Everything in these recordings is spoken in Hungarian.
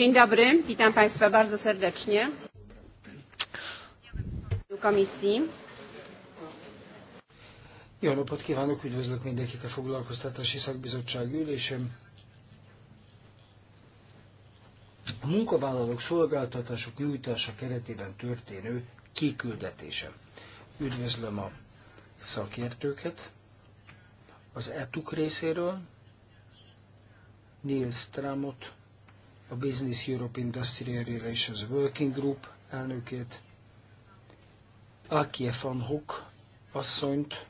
Dzień dobry, witam Państwa bardzo serdecznie. Komisji. Jó napot kívánok, üdvözlök mindenkit a Foglalkoztatási Szakbizottság ülésem. A munkavállalók szolgáltatások nyújtása keretében történő kiküldetése. Üdvözlöm a szakértőket az ETUK részéről, Nils Stramot, a Business Europe Industrial Relations Working Group elnökét, Akie van Hoek asszonyt,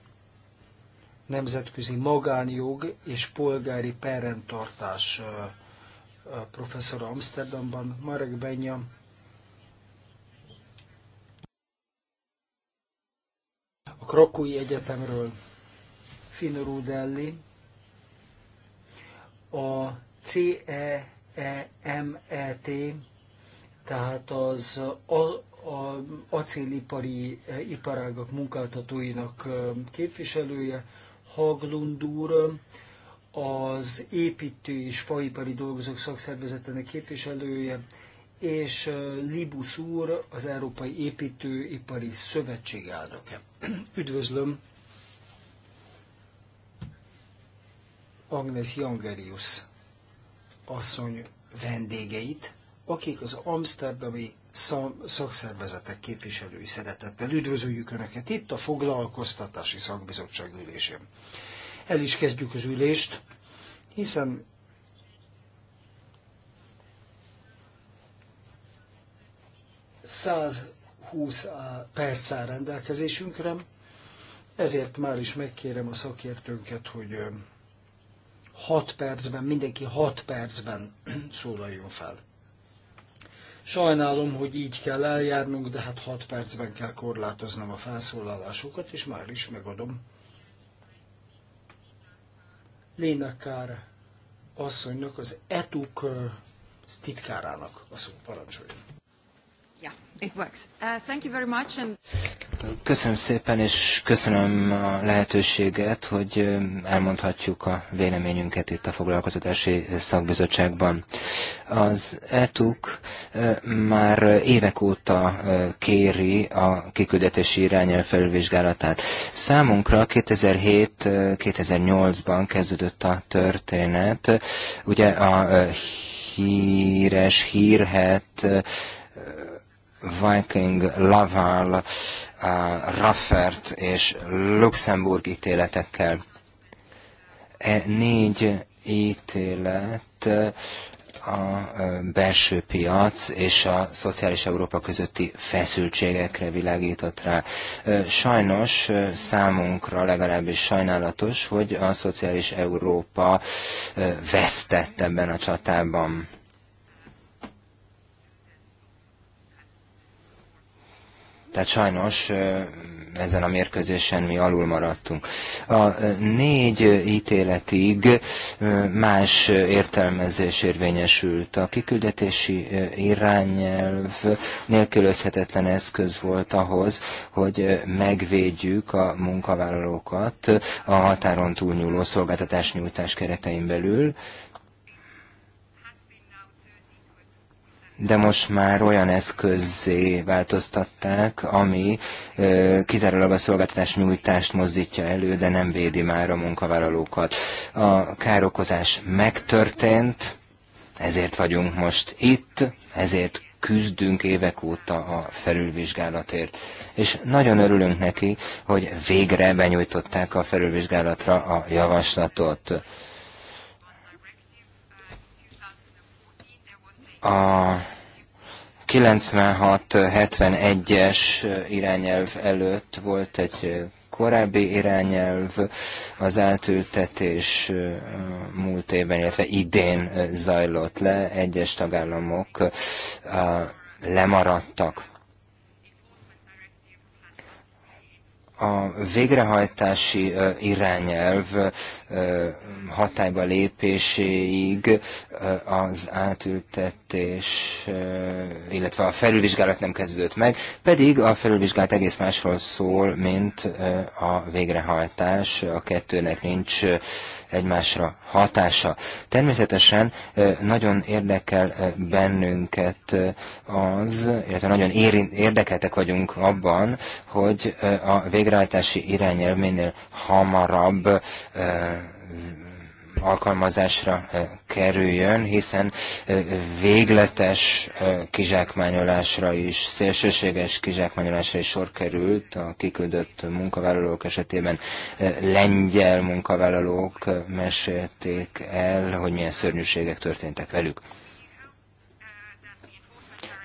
nemzetközi magánjog és polgári perrendtartás professzor Amsterdamban, Marek Benya, a Krakói Egyetemről, Finn Rudelli, a CE E MET, tehát az acélipari e, iparágak munkáltatóinak e, képviselője, Haglund úr, az építő és faipari dolgozók szakszervezetének képviselője, és Libus úr, az Európai Építőipari Szövetség elnöke. Üdvözlöm Agnes Jangerius asszony vendégeit, akik az Amsterdami szakszervezetek képviselői szeretettel üdvözöljük Önöket itt a foglalkoztatási szakbizottság ülésén. El is kezdjük az ülést, hiszen száz 20 perc áll rendelkezésünkre, ezért már is megkérem a szakértőnket, hogy 6 percben, mindenki 6 percben szólaljon fel. Sajnálom, hogy így kell eljárnunk, de hát 6 percben kell korlátoznom a felszólalásokat, és már is megadom. Léna Kár asszonynak, az ETUK titkárának a szó parancsoljon. Uh, köszönöm szépen, és köszönöm a lehetőséget, hogy elmondhatjuk a véleményünket itt a foglalkoztatási szakbizottságban. Az ETUK már évek óta kéri a kiküldetési irányelv felülvizsgálatát. Számunkra 2007-2008-ban kezdődött a történet. Ugye a híres, hírhet Viking, Laval, uh, Raffert és Luxemburg ítéletekkel. E négy ítélet uh, a uh, belső piac és a szociális Európa közötti feszültségekre világított rá. Sajnos számunkra legalábbis sajnálatos, hogy a szociális Európa vesztett ebben a csatában. Tehát sajnos ezen a mérkőzésen mi alul maradtunk. A négy ítéletig más értelmezés érvényesült. A kiküldetési irányelv nélkülözhetetlen eszköz volt ahhoz, hogy megvédjük a munkavállalókat a határon túlnyúló szolgáltatás nyújtás keretein belül, de most már olyan eszközé változtatták, ami kizárólag a szolgáltatás nyújtást mozdítja elő, de nem védi már a munkavállalókat. A károkozás megtörtént, ezért vagyunk most itt, ezért küzdünk évek óta a felülvizsgálatért. És nagyon örülünk neki, hogy végre benyújtották a felülvizsgálatra a javaslatot. a 96-71-es irányelv előtt volt egy korábbi irányelv, az átültetés múlt évben, illetve idén zajlott le, egyes tagállamok lemaradtak. A végrehajtási irányelv hatályba lépéséig az átültetés, illetve a felülvizsgálat nem kezdődött meg, pedig a felülvizsgálat egész másról szól, mint a végrehajtás, a kettőnek nincs egymásra hatása. Természetesen nagyon érdekel bennünket az, illetve nagyon érdekeltek vagyunk abban, hogy a végrehajtási irányelv minél hamarabb alkalmazásra kerüljön, hiszen végletes kizsákmányolásra is, szélsőséges kizsákmányolásra is sor került a kiküldött munkavállalók esetében. Lengyel munkavállalók mesélték el, hogy milyen szörnyűségek történtek velük.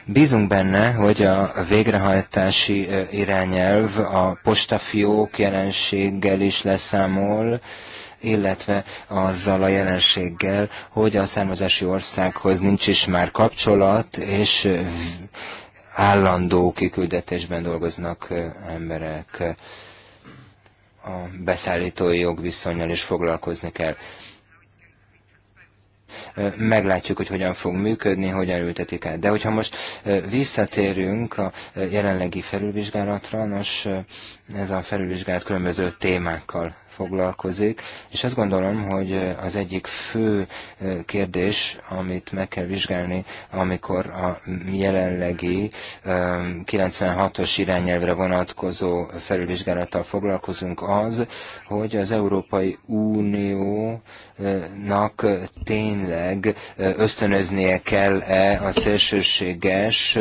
Bízunk benne, hogy a végrehajtási irányelv a postafiók jelenséggel is leszámol, illetve azzal a jelenséggel, hogy a származási országhoz nincs is már kapcsolat, és állandó kiküldetésben dolgoznak emberek. A beszállítói jogviszonyjal is foglalkozni kell meglátjuk, hogy hogyan fog működni, hogyan ültetik el. De hogyha most visszatérünk a jelenlegi felülvizsgálatra, nos, ez a felülvizsgálat különböző témákkal foglalkozik, és azt gondolom, hogy az egyik fő kérdés, amit meg kell vizsgálni, amikor a jelenlegi 96-os irányelvre vonatkozó felülvizsgálattal foglalkozunk, az, hogy az Európai Uniónak tényleg ösztönöznie kell-e a szélsőséges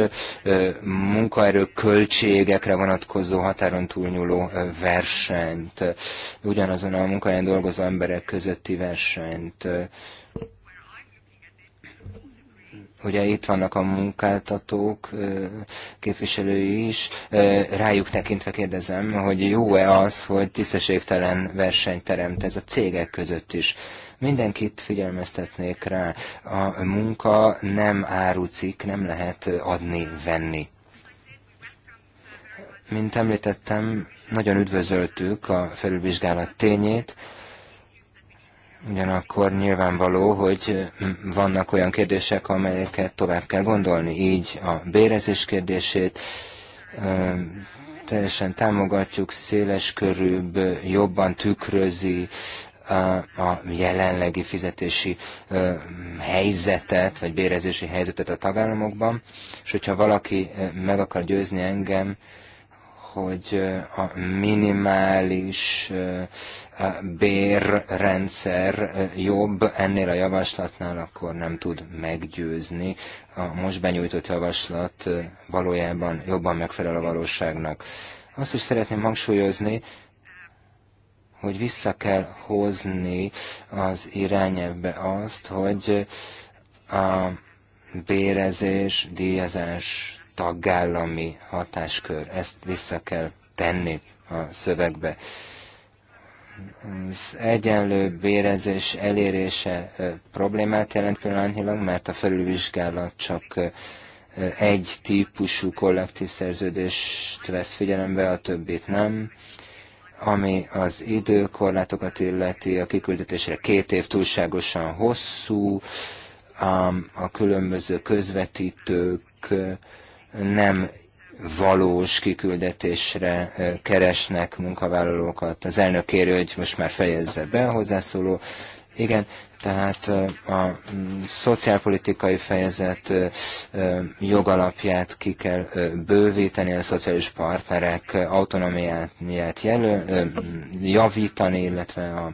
munkaerő költségekre vonatkozó határon túlnyúló versenyt. Ugyan ugyanazon a munkahelyen dolgozó emberek közötti versenyt. Ugye itt vannak a munkáltatók, képviselői is. Rájuk tekintve kérdezem, hogy jó-e az, hogy tisztességtelen versenyt teremt ez a cégek között is mindenkit figyelmeztetnék rá. A munka nem árucik, nem lehet adni-venni. Mint említettem, nagyon üdvözöltük a felülvizsgálat tényét, ugyanakkor nyilvánvaló, hogy vannak olyan kérdések, amelyeket tovább kell gondolni, így a bérezés kérdését, teljesen támogatjuk, széles körűbb, jobban tükrözi a jelenlegi fizetési helyzetet, vagy bérezési helyzetet a tagállamokban, és hogyha valaki meg akar győzni engem hogy a minimális bérrendszer jobb ennél a javaslatnál, akkor nem tud meggyőzni. A most benyújtott javaslat valójában jobban megfelel a valóságnak. Azt is szeretném hangsúlyozni, hogy vissza kell hozni az irányelvbe azt, hogy a bérezés, díjazás tagállami hatáskör. Ezt vissza kell tenni a szövegbe. Az egyenlő bérezés elérése problémát jelent pillanatnyilag, mert a felülvizsgálat csak egy típusú kollektív szerződést vesz figyelembe, a többit nem ami az időkorlátokat illeti, a kiküldetésre két év túlságosan hosszú, a, a különböző közvetítők nem valós kiküldetésre eh, keresnek munkavállalókat. Az elnök kérő, hogy most már fejezze be a hozzászóló. Igen, tehát eh, a mm, szociálpolitikai fejezet eh, jogalapját ki kell bővíteni, a szociális partnerek autonomiáját jelöl, javítani, illetve a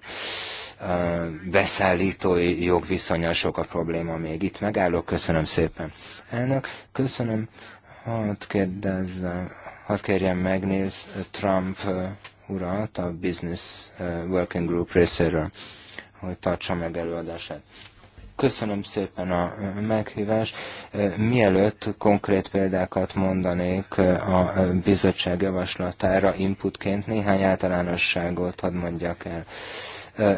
beszállítói jogviszonya sok a probléma még. Itt megállok, köszönöm szépen. Elnök, köszönöm Hadd kérdezzem, hadd kérjem megnéz Trump urat a Business Working Group részéről, hogy tartsa meg előadását. Köszönöm szépen a meghívást. Mielőtt konkrét példákat mondanék a bizottság javaslatára inputként, néhány általánosságot hadd mondjak el.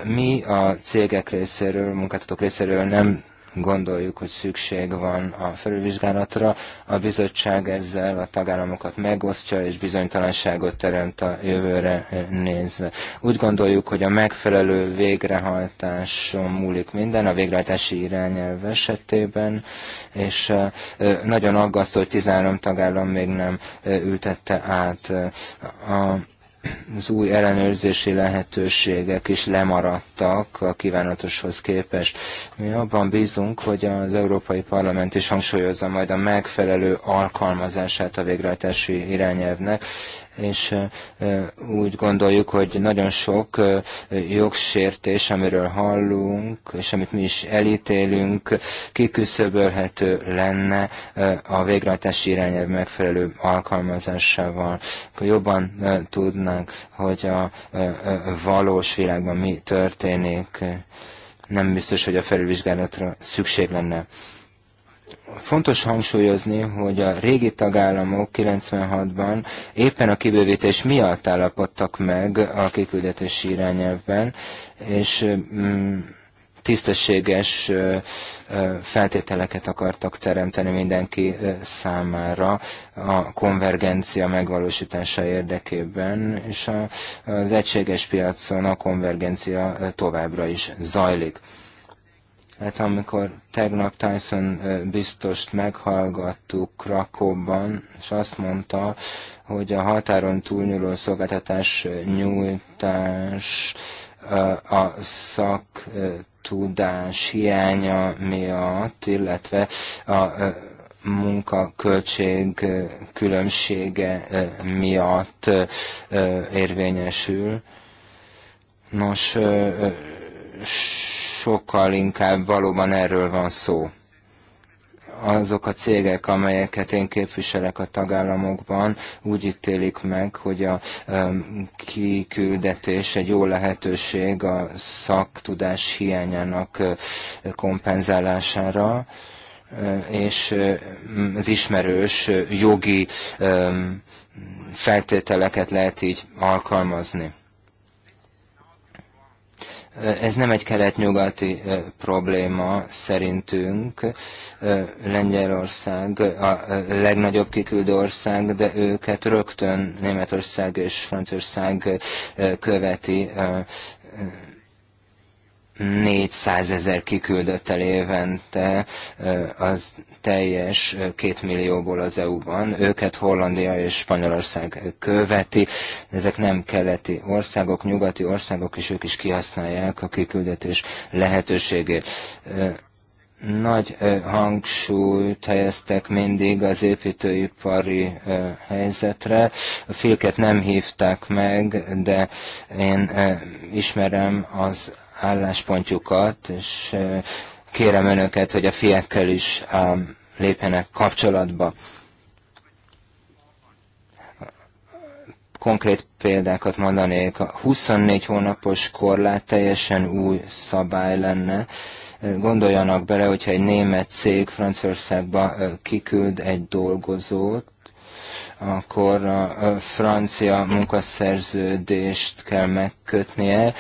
Mi a cégek részéről, munkáltatók részéről nem gondoljuk, hogy szükség van a felülvizsgálatra. A bizottság ezzel a tagállamokat megosztja, és bizonytalanságot teremt a jövőre nézve. Úgy gondoljuk, hogy a megfelelő végrehajtáson múlik minden, a végrehajtási irányelv esetében, és nagyon aggasztó, hogy 13 tagállam még nem ültette át a az új ellenőrzési lehetőségek is lemaradtak a kívánatoshoz képest. Mi abban bízunk, hogy az Európai Parlament is hangsúlyozza majd a megfelelő alkalmazását a végrehajtási irányelvnek, és úgy gondoljuk, hogy nagyon sok jogsértés, amiről hallunk, és amit mi is elítélünk, kiküszöbölhető lenne a végrehajtási irányelv megfelelő alkalmazásával. Akkor jobban tudnánk, hogy a valós világban mi történik. Nem biztos, hogy a felülvizsgálatra szükség lenne. Fontos hangsúlyozni, hogy a régi tagállamok 96-ban éppen a kibővítés miatt állapodtak meg a kiküldetési irányelvben, és mm, tisztességes feltételeket akartak teremteni mindenki számára a konvergencia megvalósítása érdekében, és az egységes piacon a konvergencia továbbra is zajlik. Hát amikor tegnap Tyson biztost meghallgattuk Krakóban, és azt mondta, hogy a határon túlnyúló szolgáltatás nyújtás a szaktudás hiánya miatt, illetve a munkaköltség különbsége miatt érvényesül. Nos, sokkal inkább valóban erről van szó. Azok a cégek, amelyeket én képviselek a tagállamokban, úgy ítélik meg, hogy a kiküldetés egy jó lehetőség a szaktudás hiányának kompenzálására, és az ismerős jogi feltételeket lehet így alkalmazni ez nem egy kelet-nyugati probléma szerintünk. Lengyelország a legnagyobb kiküldő ország, de őket rögtön Németország és Franciaország követi 400 ezer kiküldöttel évente az teljes két millióból az EU-ban. Őket Hollandia és Spanyolország követi. Ezek nem keleti országok, nyugati országok, és ők is kihasználják a kiküldetés lehetőségét nagy hangsúlyt helyeztek mindig az építőipari helyzetre. A filket nem hívták meg, de én ismerem az álláspontjukat, és kérem önöket, hogy a fiekkel is lépjenek kapcsolatba. Konkrét példákat mondanék, a 24 hónapos korlát teljesen új szabály lenne. Gondoljanak bele, hogyha egy német cég Franciaországba kiküld egy dolgozót, akkor a francia munkaszerződést kell megkötnie,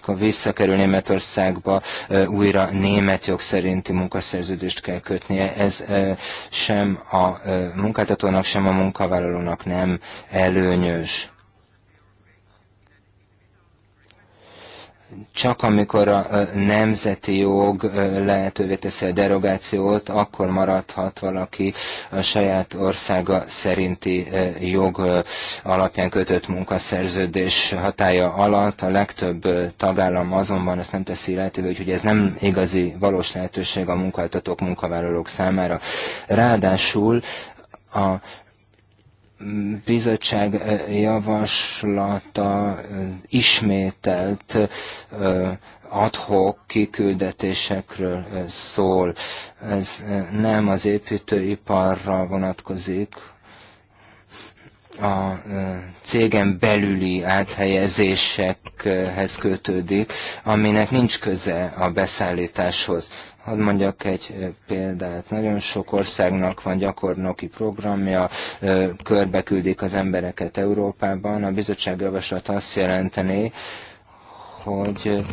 akkor visszakerül Németországba, újra német jog szerinti munkaszerződést kell kötnie. Ez sem a munkáltatónak, sem a munkavállalónak nem előnyös. csak amikor a nemzeti jog lehetővé teszi a derogációt, akkor maradhat valaki a saját országa szerinti jog alapján kötött munkaszerződés hatája alatt. A legtöbb tagállam azonban ezt nem teszi lehetővé, úgyhogy ez nem igazi valós lehetőség a munkáltatók, munkavállalók számára. Ráadásul a bizottság eh, javaslata eh, ismételt eh, adhok kiküldetésekről szól. Ez nem az építőiparra vonatkozik, a cégen belüli áthelyezésekhez kötődik, aminek nincs köze a beszállításhoz. Hadd mondjak egy példát. Nagyon sok országnak van gyakornoki programja, körbeküldik az embereket Európában. A bizottság javaslat azt jelenteni, hogy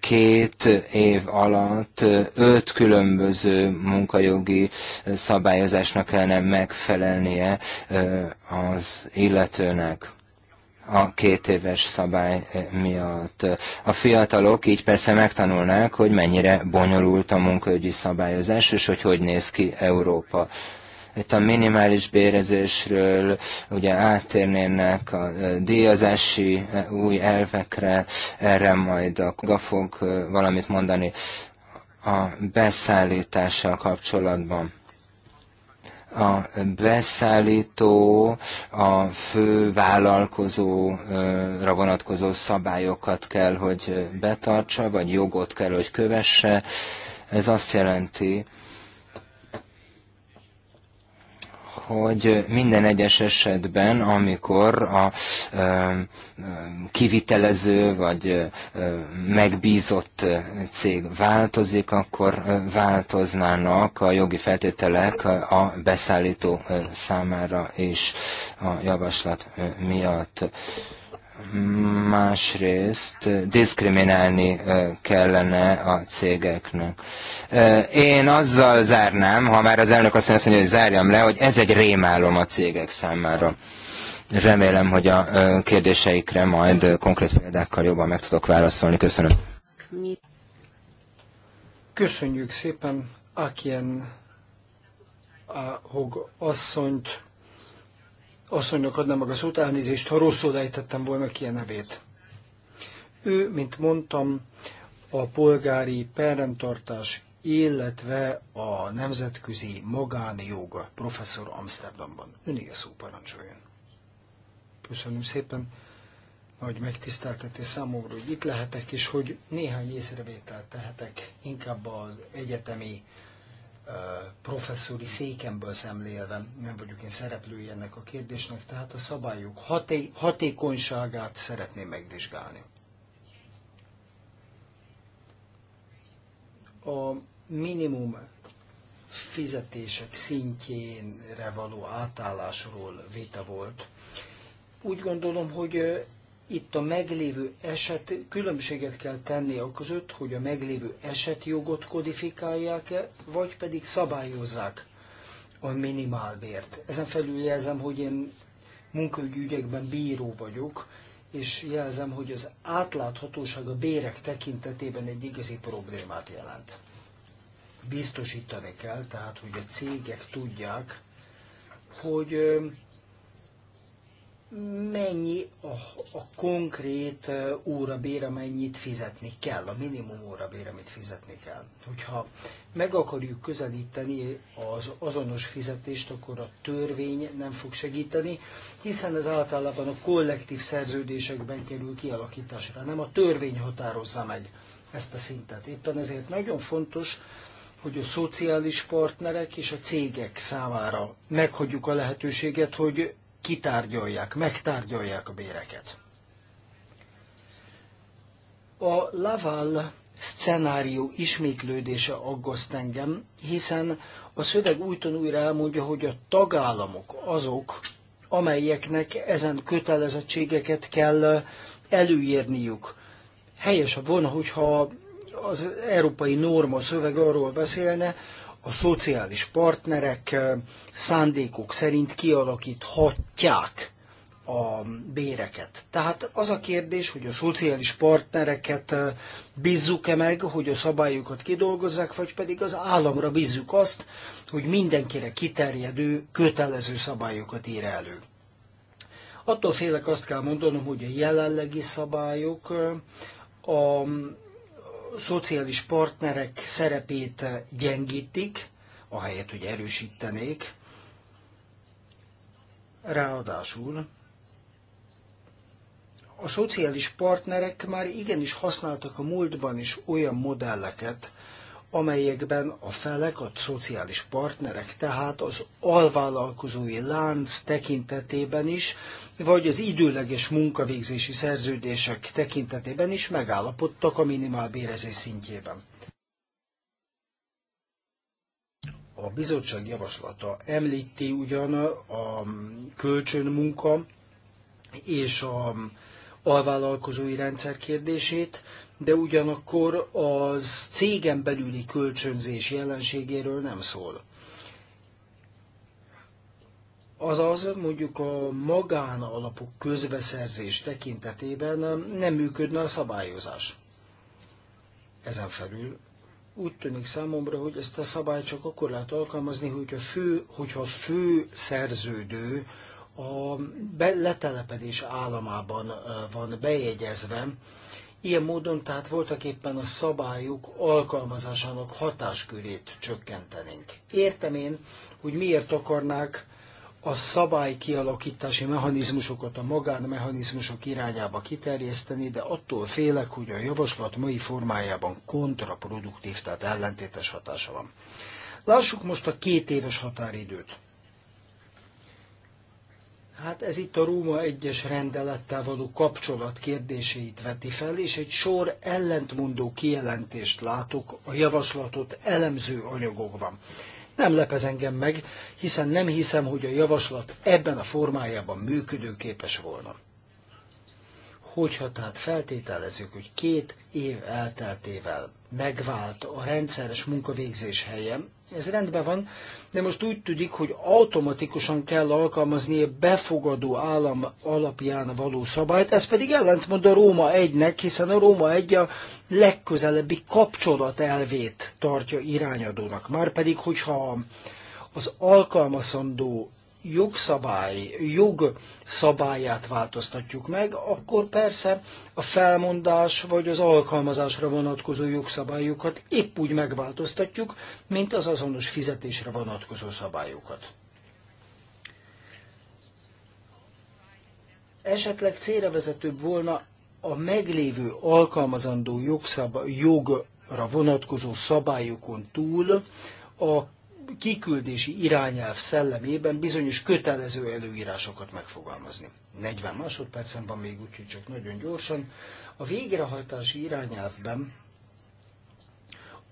két év alatt öt különböző munkajogi szabályozásnak kellene megfelelnie az illetőnek a két éves szabály miatt. A fiatalok így persze megtanulnák, hogy mennyire bonyolult a munkaügyi szabályozás, és hogy hogy néz ki Európa. Itt a minimális bérezésről ugye áttérnének a díjazási új elvekre, erre majd a GA fog valamit mondani a beszállítással kapcsolatban a beszállító, a fő vállalkozóra vonatkozó szabályokat kell, hogy betartsa, vagy jogot kell, hogy kövesse. Ez azt jelenti, hogy minden egyes esetben, amikor a kivitelező vagy megbízott cég változik, akkor változnának a jogi feltételek a beszállító számára és a javaslat miatt másrészt eh, diszkriminálni eh, kellene a cégeknek. Eh, én azzal zárnám, ha már az elnök azt mondja, hogy zárjam le, hogy ez egy rémálom a cégek számára. Remélem, hogy a kérdéseikre majd konkrét példákkal jobban meg tudok válaszolni. Köszönöm. Köszönjük szépen Akien a Hog asszonyt asszonynak adnám meg a szót, elnézést, ha rosszul ejtettem volna ki a nevét. Ő, mint mondtam, a polgári perrendtartás, illetve a nemzetközi magánjoga professzor Amsterdamban. Öné a szó parancsoljon. Köszönöm szépen, nagy megtiszteltetés számomra, hogy itt lehetek, és hogy néhány észrevételt tehetek inkább az egyetemi professzori székemből szemlélve, nem vagyok én szereplői ennek a kérdésnek, tehát a szabályok haté- hatékonyságát szeretném megvizsgálni. A minimum fizetések szintjénre való átállásról vita volt. Úgy gondolom, hogy itt a meglévő eset, különbséget kell tenni a között, hogy a meglévő esetjogot kodifikálják-e, vagy pedig szabályozzák a minimálbért. Ezen felül jelzem, hogy én munkaügyi ügyekben bíró vagyok, és jelzem, hogy az átláthatóság a bérek tekintetében egy igazi problémát jelent. Biztosítani kell, tehát, hogy a cégek tudják, hogy mennyi a, a konkrét órabér, amennyit fizetni kell, a minimum órabér, amit fizetni kell. Hogyha meg akarjuk közelíteni az azonos fizetést, akkor a törvény nem fog segíteni, hiszen ez általában a kollektív szerződésekben kerül kialakításra, nem a törvény határozza meg ezt a szintet. Éppen ezért nagyon fontos, hogy a szociális partnerek és a cégek számára meghagyjuk a lehetőséget, hogy kitárgyalják, megtárgyalják a béreket. A Laval szcenárió ismétlődése aggaszt engem, hiszen a szöveg újton újra elmondja, hogy a tagállamok azok, amelyeknek ezen kötelezettségeket kell előírniuk. Helyesebb volna, hogyha az európai norma szöveg arról beszélne, a szociális partnerek szándékok szerint kialakíthatják a béreket. Tehát az a kérdés, hogy a szociális partnereket bízzuk-e meg, hogy a szabályokat kidolgozzák, vagy pedig az államra bízzuk azt, hogy mindenkire kiterjedő, kötelező szabályokat ír elő. Attól félek azt kell mondanom, hogy a jelenlegi szabályok a szociális partnerek szerepét gyengítik, ahelyett, hogy erősítenék. Ráadásul a szociális partnerek már igenis használtak a múltban is olyan modelleket, amelyekben a felek, a szociális partnerek, tehát az alvállalkozói lánc tekintetében is, vagy az időleges munkavégzési szerződések tekintetében is megállapodtak a bérezés szintjében. A bizottság javaslata említi ugyan a kölcsönmunka és a alvállalkozói rendszer kérdését, de ugyanakkor az cégen belüli kölcsönzés jelenségéről nem szól. Azaz mondjuk a magánalapok közbeszerzés tekintetében nem működne a szabályozás. Ezen felül úgy tűnik számomra, hogy ezt a szabályt csak akkor lehet alkalmazni, hogyha, fő, hogyha a fő szerződő a letelepedés államában van bejegyezve, Ilyen módon tehát voltak éppen a szabályok alkalmazásának hatáskörét csökkentenénk. Értem én, hogy miért akarnák a szabálykialakítási mechanizmusokat a magánmechanizmusok irányába kiterjeszteni, de attól félek, hogy a javaslat mai formájában kontraproduktív, tehát ellentétes hatása van. Lássuk most a két éves határidőt. Hát ez itt a Róma egyes rendelettel való kapcsolat kérdéseit veti fel, és egy sor ellentmondó kijelentést látok a javaslatot elemző anyagokban. Nem lepez engem meg, hiszen nem hiszem, hogy a javaslat ebben a formájában működőképes volna. Hogyha tehát feltételezzük, hogy két év elteltével megvált a rendszeres munkavégzés helye, ez rendben van, de most úgy tűnik, hogy automatikusan kell alkalmazni a befogadó állam alapján való szabályt, ez pedig ellentmond a Róma egynek, hiszen a Róma egy a legközelebbi kapcsolat elvét tartja irányadónak. Márpedig, hogyha az alkalmazandó jogszabály, jog szabályát változtatjuk meg, akkor persze a felmondás vagy az alkalmazásra vonatkozó jogszabályokat épp úgy megváltoztatjuk, mint az azonos fizetésre vonatkozó szabályokat. Esetleg célra vezetőbb volna a meglévő alkalmazandó jogra vonatkozó szabályokon túl a kiküldési irányelv szellemében bizonyos kötelező előírásokat megfogalmazni. 40 másodpercen van még, úgyhogy csak nagyon gyorsan. A végrehajtási irányelvben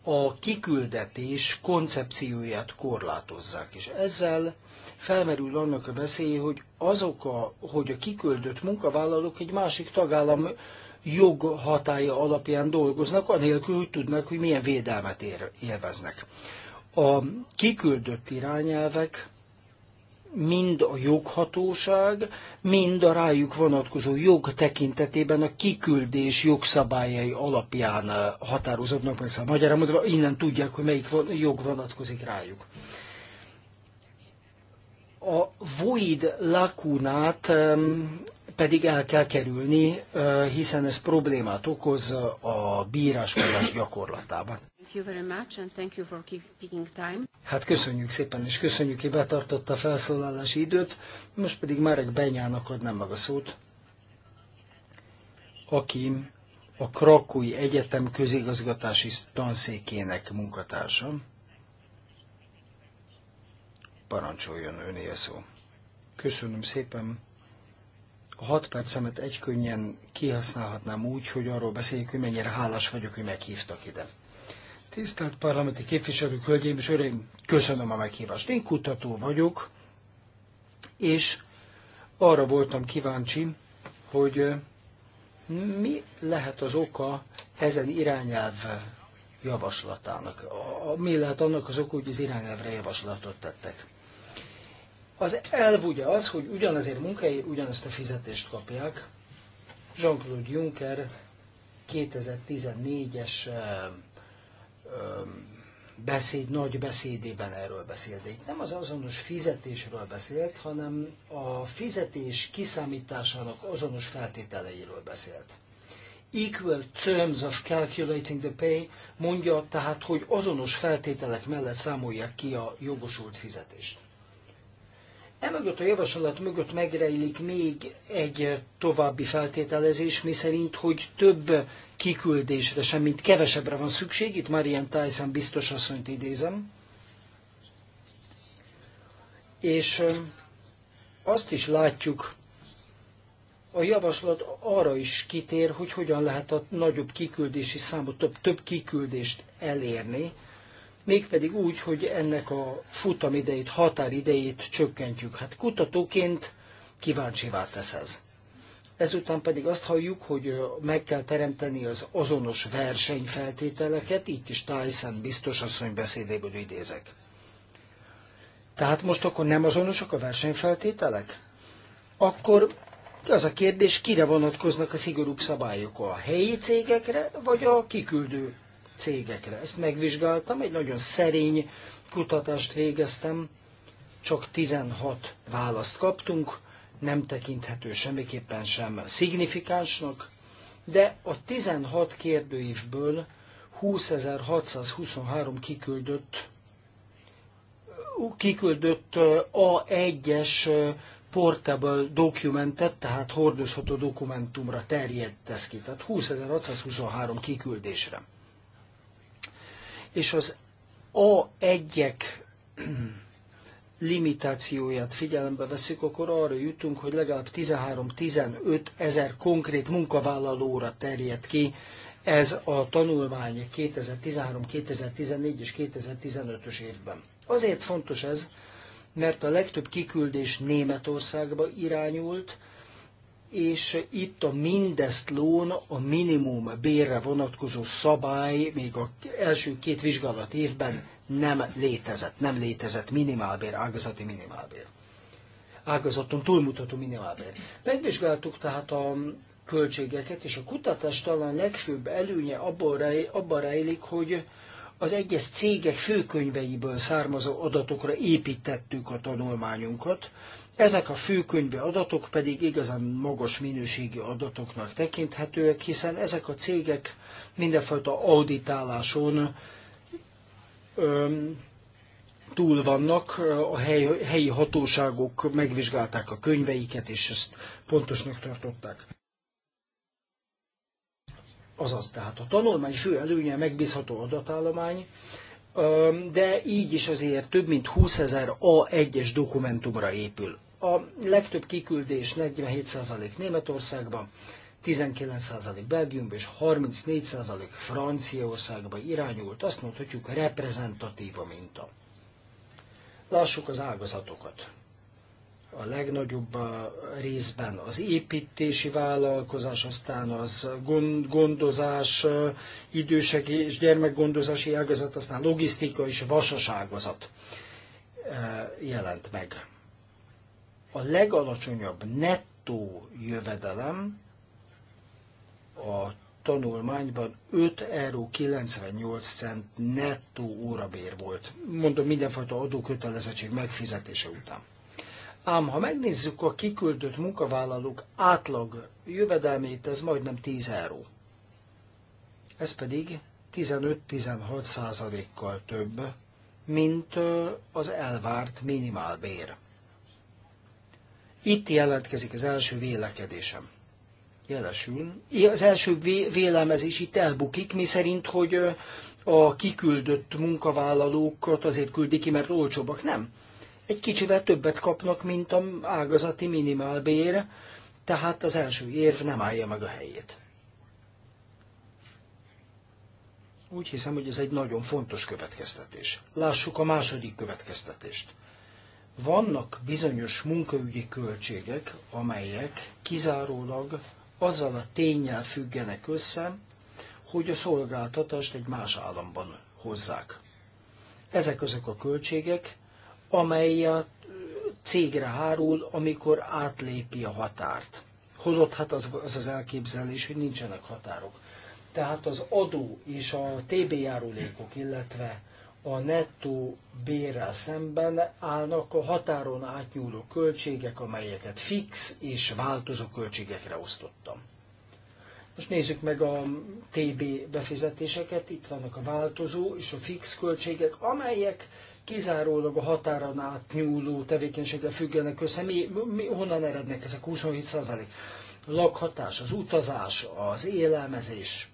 a kiküldetés koncepcióját korlátozzák, és ezzel felmerül annak a veszély, hogy azok a, hogy a kiküldött munkavállalók egy másik tagállam jog hatája alapján dolgoznak, anélkül, hogy tudnak, hogy milyen védelmet ér, élveznek. A kiküldött irányelvek mind a joghatóság, mind a rájuk vonatkozó jog tekintetében a kiküldés jogszabályai alapján eh, határozódnak meg. Szóval magyarán mondva innen tudják, hogy melyik jog vonatkozik rájuk. A void lakunát pedig el kell kerülni, eh, hiszen ez problémát okoz a bíráskodás gyakorlatában you very much, and thank you for keeping time. Hát köszönjük szépen, és köszönjük, hogy betartotta a felszólalási időt. Most pedig Marek Benyának adnám meg a szót, aki a Krakói Egyetem közigazgatási tanszékének munkatársa. Parancsoljon öné a szó. Köszönöm szépen. A hat percemet egykönnyen kihasználhatnám úgy, hogy arról beszéljük, hogy mennyire hálás vagyok, hogy meghívtak ide. Tisztelt parlamenti képviselők, hölgyeim és öreim, köszönöm a meghívást. Én kutató vagyok, és arra voltam kíváncsi, hogy mi lehet az oka ezen irányelv javaslatának? mi lehet annak az oka, hogy az irányelvre javaslatot tettek? Az elv ugye az, hogy ugyanazért munkai ugyanezt a fizetést kapják. Jean-Claude Juncker 2014-es beszéd, nagy beszédében erről beszélt, de itt nem az azonos fizetésről beszélt, hanem a fizetés kiszámításának azonos feltételeiről beszélt. Equal terms of calculating the pay mondja tehát, hogy azonos feltételek mellett számolják ki a jogosult fizetést. Emögött a javaslat mögött megrejlik még egy további feltételezés, miszerint, hogy több kiküldésre, semmit kevesebbre van szükség, itt Marian Tyson biztos asszonyt idézem, és azt is látjuk, a javaslat arra is kitér, hogy hogyan lehet a nagyobb kiküldési számot, több, több kiküldést elérni, mégpedig úgy, hogy ennek a futamidejét, határidejét csökkentjük. Hát kutatóként kíváncsivá tesz ez. Ezután pedig azt halljuk, hogy meg kell teremteni az azonos versenyfeltételeket, itt is Tyson biztos asszony beszédéből idézek. Tehát most akkor nem azonosak a versenyfeltételek? Akkor az a kérdés, kire vonatkoznak a szigorúbb szabályok, a helyi cégekre, vagy a kiküldő cégekre. Ezt megvizsgáltam, egy nagyon szerény kutatást végeztem, csak 16 választ kaptunk, nem tekinthető semmiképpen sem szignifikánsnak, de a 16 kérdőívből 20.623 kiküldött kiküldött A1-es portable dokumentet, tehát hordozható dokumentumra terjedt ez ki, tehát 20.623 kiküldésre és az A1-ek limitációját figyelembe veszik, akkor arra jutunk, hogy legalább 13-15 ezer konkrét munkavállalóra terjed ki ez a tanulmány 2013, 2014 és 2015-ös évben. Azért fontos ez, mert a legtöbb kiküldés Németországba irányult, és itt a mindezt lón a minimum bérre vonatkozó szabály még az első két vizsgálat évben nem létezett, nem létezett minimálbér, ágazati minimálbér. Ágazaton túlmutató minimálbér. Megvizsgáltuk tehát a költségeket, és a kutatás talán legfőbb előnye abban, rej, rejlik, hogy az egyes cégek főkönyveiből származó adatokra építettük a tanulmányunkat, ezek a főkönyvi adatok pedig igazán magas minőségi adatoknak tekinthetőek, hiszen ezek a cégek mindenfajta auditáláson öm, túl vannak, a hely, helyi hatóságok megvizsgálták a könyveiket, és ezt pontosnak tartották. Azaz, tehát a tanulmány fő előnye megbízható adatállomány, de így is azért több mint 20 ezer A1-es dokumentumra épül. A legtöbb kiküldés 47% Németországban, 19% Belgiumban és 34% franciaországban irányult. Azt mondhatjuk, reprezentatív a minta. Lássuk az ágazatokat. A legnagyobb részben az építési vállalkozás, aztán az gondozás, idősek és gyermekgondozási ágazat, aztán logisztika és vasas ágazat eh, jelent meg a legalacsonyabb nettó jövedelem a tanulmányban 5,98 euró nettó órabér volt. Mondom, mindenfajta adókötelezettség megfizetése után. Ám ha megnézzük a kiküldött munkavállalók átlag jövedelmét, ez majdnem 10 euró. Ez pedig 15-16 százalékkal több, mint az elvárt minimálbér. Itt jelentkezik az első vélekedésem. Jelesül. Az első vélemezés itt elbukik, mi szerint, hogy a kiküldött munkavállalókat azért küldik ki, mert olcsóbbak. Nem. Egy kicsivel többet kapnak, mint a ágazati minimálbér, tehát az első érv nem állja meg a helyét. Úgy hiszem, hogy ez egy nagyon fontos következtetés. Lássuk a második következtetést. Vannak bizonyos munkaügyi költségek, amelyek kizárólag azzal a tényel függenek össze, hogy a szolgáltatást egy más államban hozzák. Ezek azok a költségek, amely a cégre hárul, amikor átlépi a határt. Holott hát az az, az elképzelés, hogy nincsenek határok. Tehát az adó és a TB járulékok, illetve a nettó bérrel szemben állnak a határon átnyúló költségek, amelyeket fix és változó költségekre osztottam. Most nézzük meg a TB befizetéseket, itt vannak a változó és a fix költségek, amelyek kizárólag a határon átnyúló tevékenységgel függenek össze. Mi, mi, honnan erednek ezek 27 százalék? Lakhatás, az utazás, az élelmezés,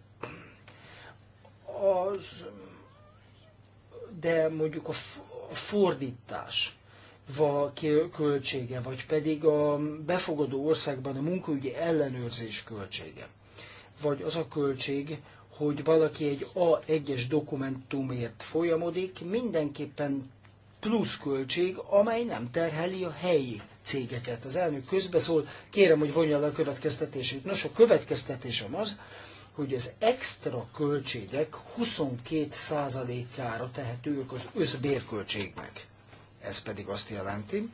az de mondjuk a, a fordítás költsége, vagy pedig a befogadó országban a munkaügyi ellenőrzés költsége, vagy az a költség, hogy valaki egy A1-es dokumentumért folyamodik, mindenképpen plusz költség, amely nem terheli a helyi cégeket. Az elnök közbeszól, kérem, hogy vonja le a következtetését. Nos, a következtetésem az, hogy az extra költségek 22%-ára tehetők az összbérköltségnek. Ez pedig azt jelenti,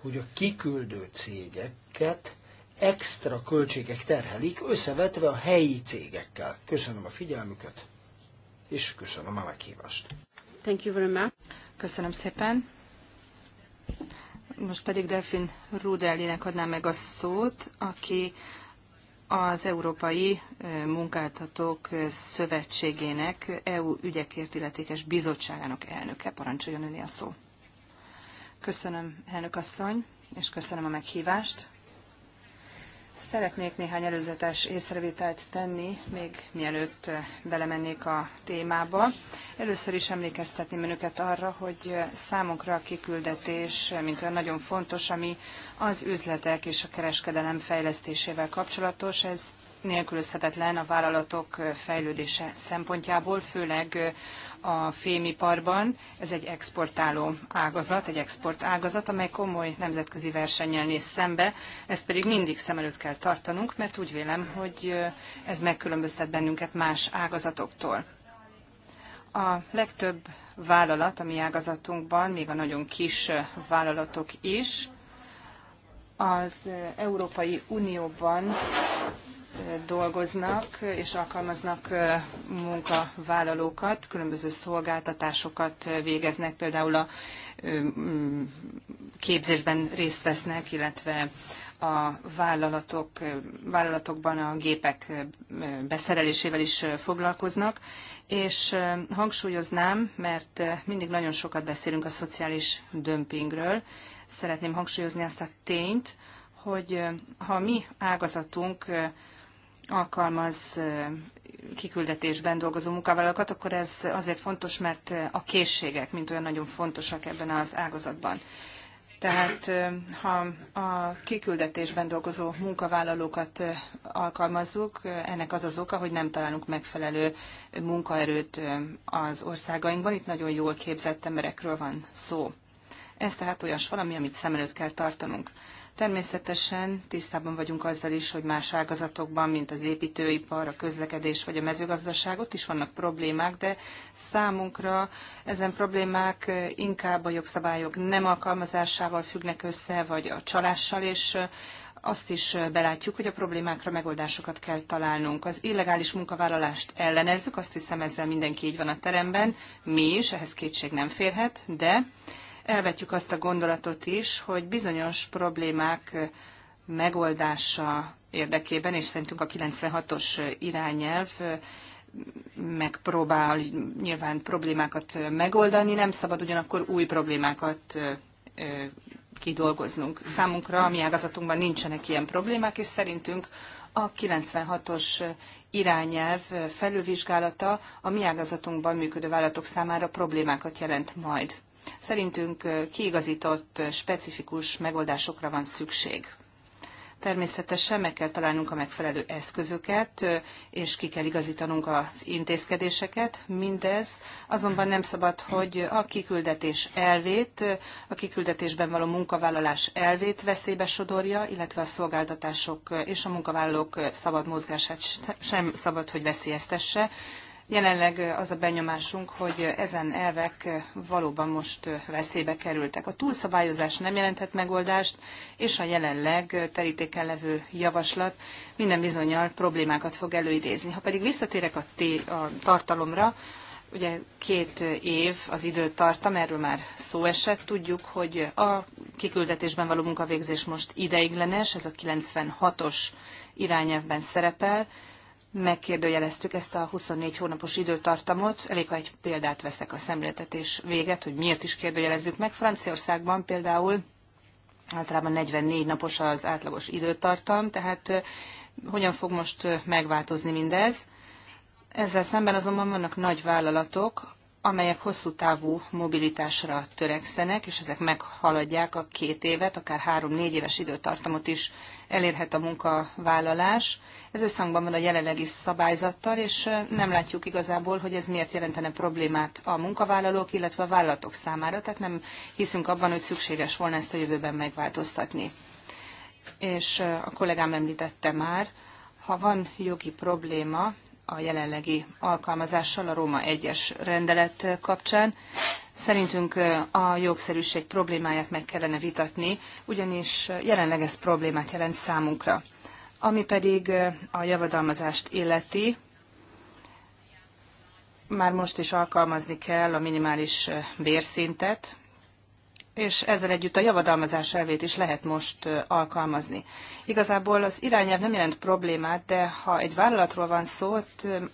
hogy a kiküldő cégeket extra költségek terhelik, összevetve a helyi cégekkel. Köszönöm a figyelmüket, és köszönöm a meghívást. Thank you very much. Köszönöm szépen. Most pedig Delfin Rudellinek adnám meg a szót, aki az Európai Munkáltatók Szövetségének EU ügyekért illetékes bizottságának elnöke. Parancsoljon önni a szó. Köszönöm, elnök asszony, és köszönöm a meghívást. Szeretnék néhány előzetes észrevételt tenni, még mielőtt belemennék a témába. Először is emlékeztetném önöket arra, hogy számunkra a kiküldetés, mint olyan nagyon fontos, ami az üzletek és a kereskedelem fejlesztésével kapcsolatos. Ez nélkülözhetetlen a vállalatok fejlődése szempontjából, főleg a fémiparban. Ez egy exportáló ágazat, egy exportágazat, amely komoly nemzetközi versennyel néz szembe. Ezt pedig mindig szem előtt kell tartanunk, mert úgy vélem, hogy ez megkülönböztet bennünket más ágazatoktól. A legtöbb vállalat a mi ágazatunkban, még a nagyon kis vállalatok is, az Európai Unióban dolgoznak és alkalmaznak munkavállalókat, különböző szolgáltatásokat végeznek, például a képzésben részt vesznek, illetve a vállalatok, vállalatokban a gépek beszerelésével is foglalkoznak, és hangsúlyoznám, mert mindig nagyon sokat beszélünk a szociális dömpingről, szeretném hangsúlyozni azt a tényt, hogy ha mi ágazatunk alkalmaz kiküldetésben dolgozó munkavállalókat, akkor ez azért fontos, mert a készségek mint olyan nagyon fontosak ebben az ágazatban. Tehát ha a kiküldetésben dolgozó munkavállalókat alkalmazzuk, ennek az az oka, hogy nem találunk megfelelő munkaerőt az országainkban. Itt nagyon jól képzett emberekről van szó. Ez tehát olyas valami, amit szem előtt kell tartanunk. Természetesen tisztában vagyunk azzal is, hogy más ágazatokban, mint az építőipar, a közlekedés vagy a mezőgazdaság, ott is vannak problémák, de számunkra ezen problémák inkább a jogszabályok nem alkalmazásával függnek össze, vagy a csalással, és azt is belátjuk, hogy a problémákra megoldásokat kell találnunk. Az illegális munkavállalást ellenezzük, azt hiszem ezzel mindenki így van a teremben, mi is, ehhez kétség nem férhet, de elvetjük azt a gondolatot is, hogy bizonyos problémák megoldása érdekében, és szerintünk a 96-os irányelv megpróbál nyilván problémákat megoldani, nem szabad ugyanakkor új problémákat kidolgoznunk. Számunkra a mi ágazatunkban nincsenek ilyen problémák, és szerintünk a 96-os irányelv felülvizsgálata a mi ágazatunkban működő vállalatok számára problémákat jelent majd. Szerintünk kiigazított, specifikus megoldásokra van szükség. Természetesen meg kell találnunk a megfelelő eszközöket, és ki kell igazítanunk az intézkedéseket. Mindez azonban nem szabad, hogy a kiküldetés elvét, a kiküldetésben való munkavállalás elvét veszélybe sodorja, illetve a szolgáltatások és a munkavállalók szabad mozgását sem szabad, hogy veszélyeztesse. Jelenleg az a benyomásunk, hogy ezen elvek valóban most veszélybe kerültek. A túlszabályozás nem jelenthet megoldást, és a jelenleg terítéken levő javaslat minden bizonyal problémákat fog előidézni. Ha pedig visszatérek a, té- a tartalomra, Ugye két év az időtartam, erről már szó esett. Tudjuk, hogy a kiküldetésben való munkavégzés most ideiglenes, ez a 96-os irányelvben szerepel, megkérdőjeleztük ezt a 24 hónapos időtartamot. Elég, ha egy példát veszek a szemléltetés véget, hogy miért is kérdőjelezzük meg. Franciaországban például általában 44 napos az átlagos időtartam, tehát hogyan fog most megváltozni mindez? Ezzel szemben azonban vannak nagy vállalatok, amelyek hosszú távú mobilitásra törekszenek, és ezek meghaladják a két évet, akár három-négy éves időtartamot is elérhet a munkavállalás. Ez összhangban van a jelenlegi szabályzattal, és nem látjuk igazából, hogy ez miért jelentene problémát a munkavállalók, illetve a vállalatok számára, tehát nem hiszünk abban, hogy szükséges volna ezt a jövőben megváltoztatni. És a kollégám említette már, ha van jogi probléma, a jelenlegi alkalmazással a Róma 1-es rendelet kapcsán. Szerintünk a jogszerűség problémáját meg kellene vitatni, ugyanis jelenleg ez problémát jelent számunkra. Ami pedig a javadalmazást illeti, már most is alkalmazni kell a minimális bérszintet, és ezzel együtt a javadalmazás elvét is lehet most alkalmazni. Igazából az irányelv nem jelent problémát, de ha egy vállalatról van szó,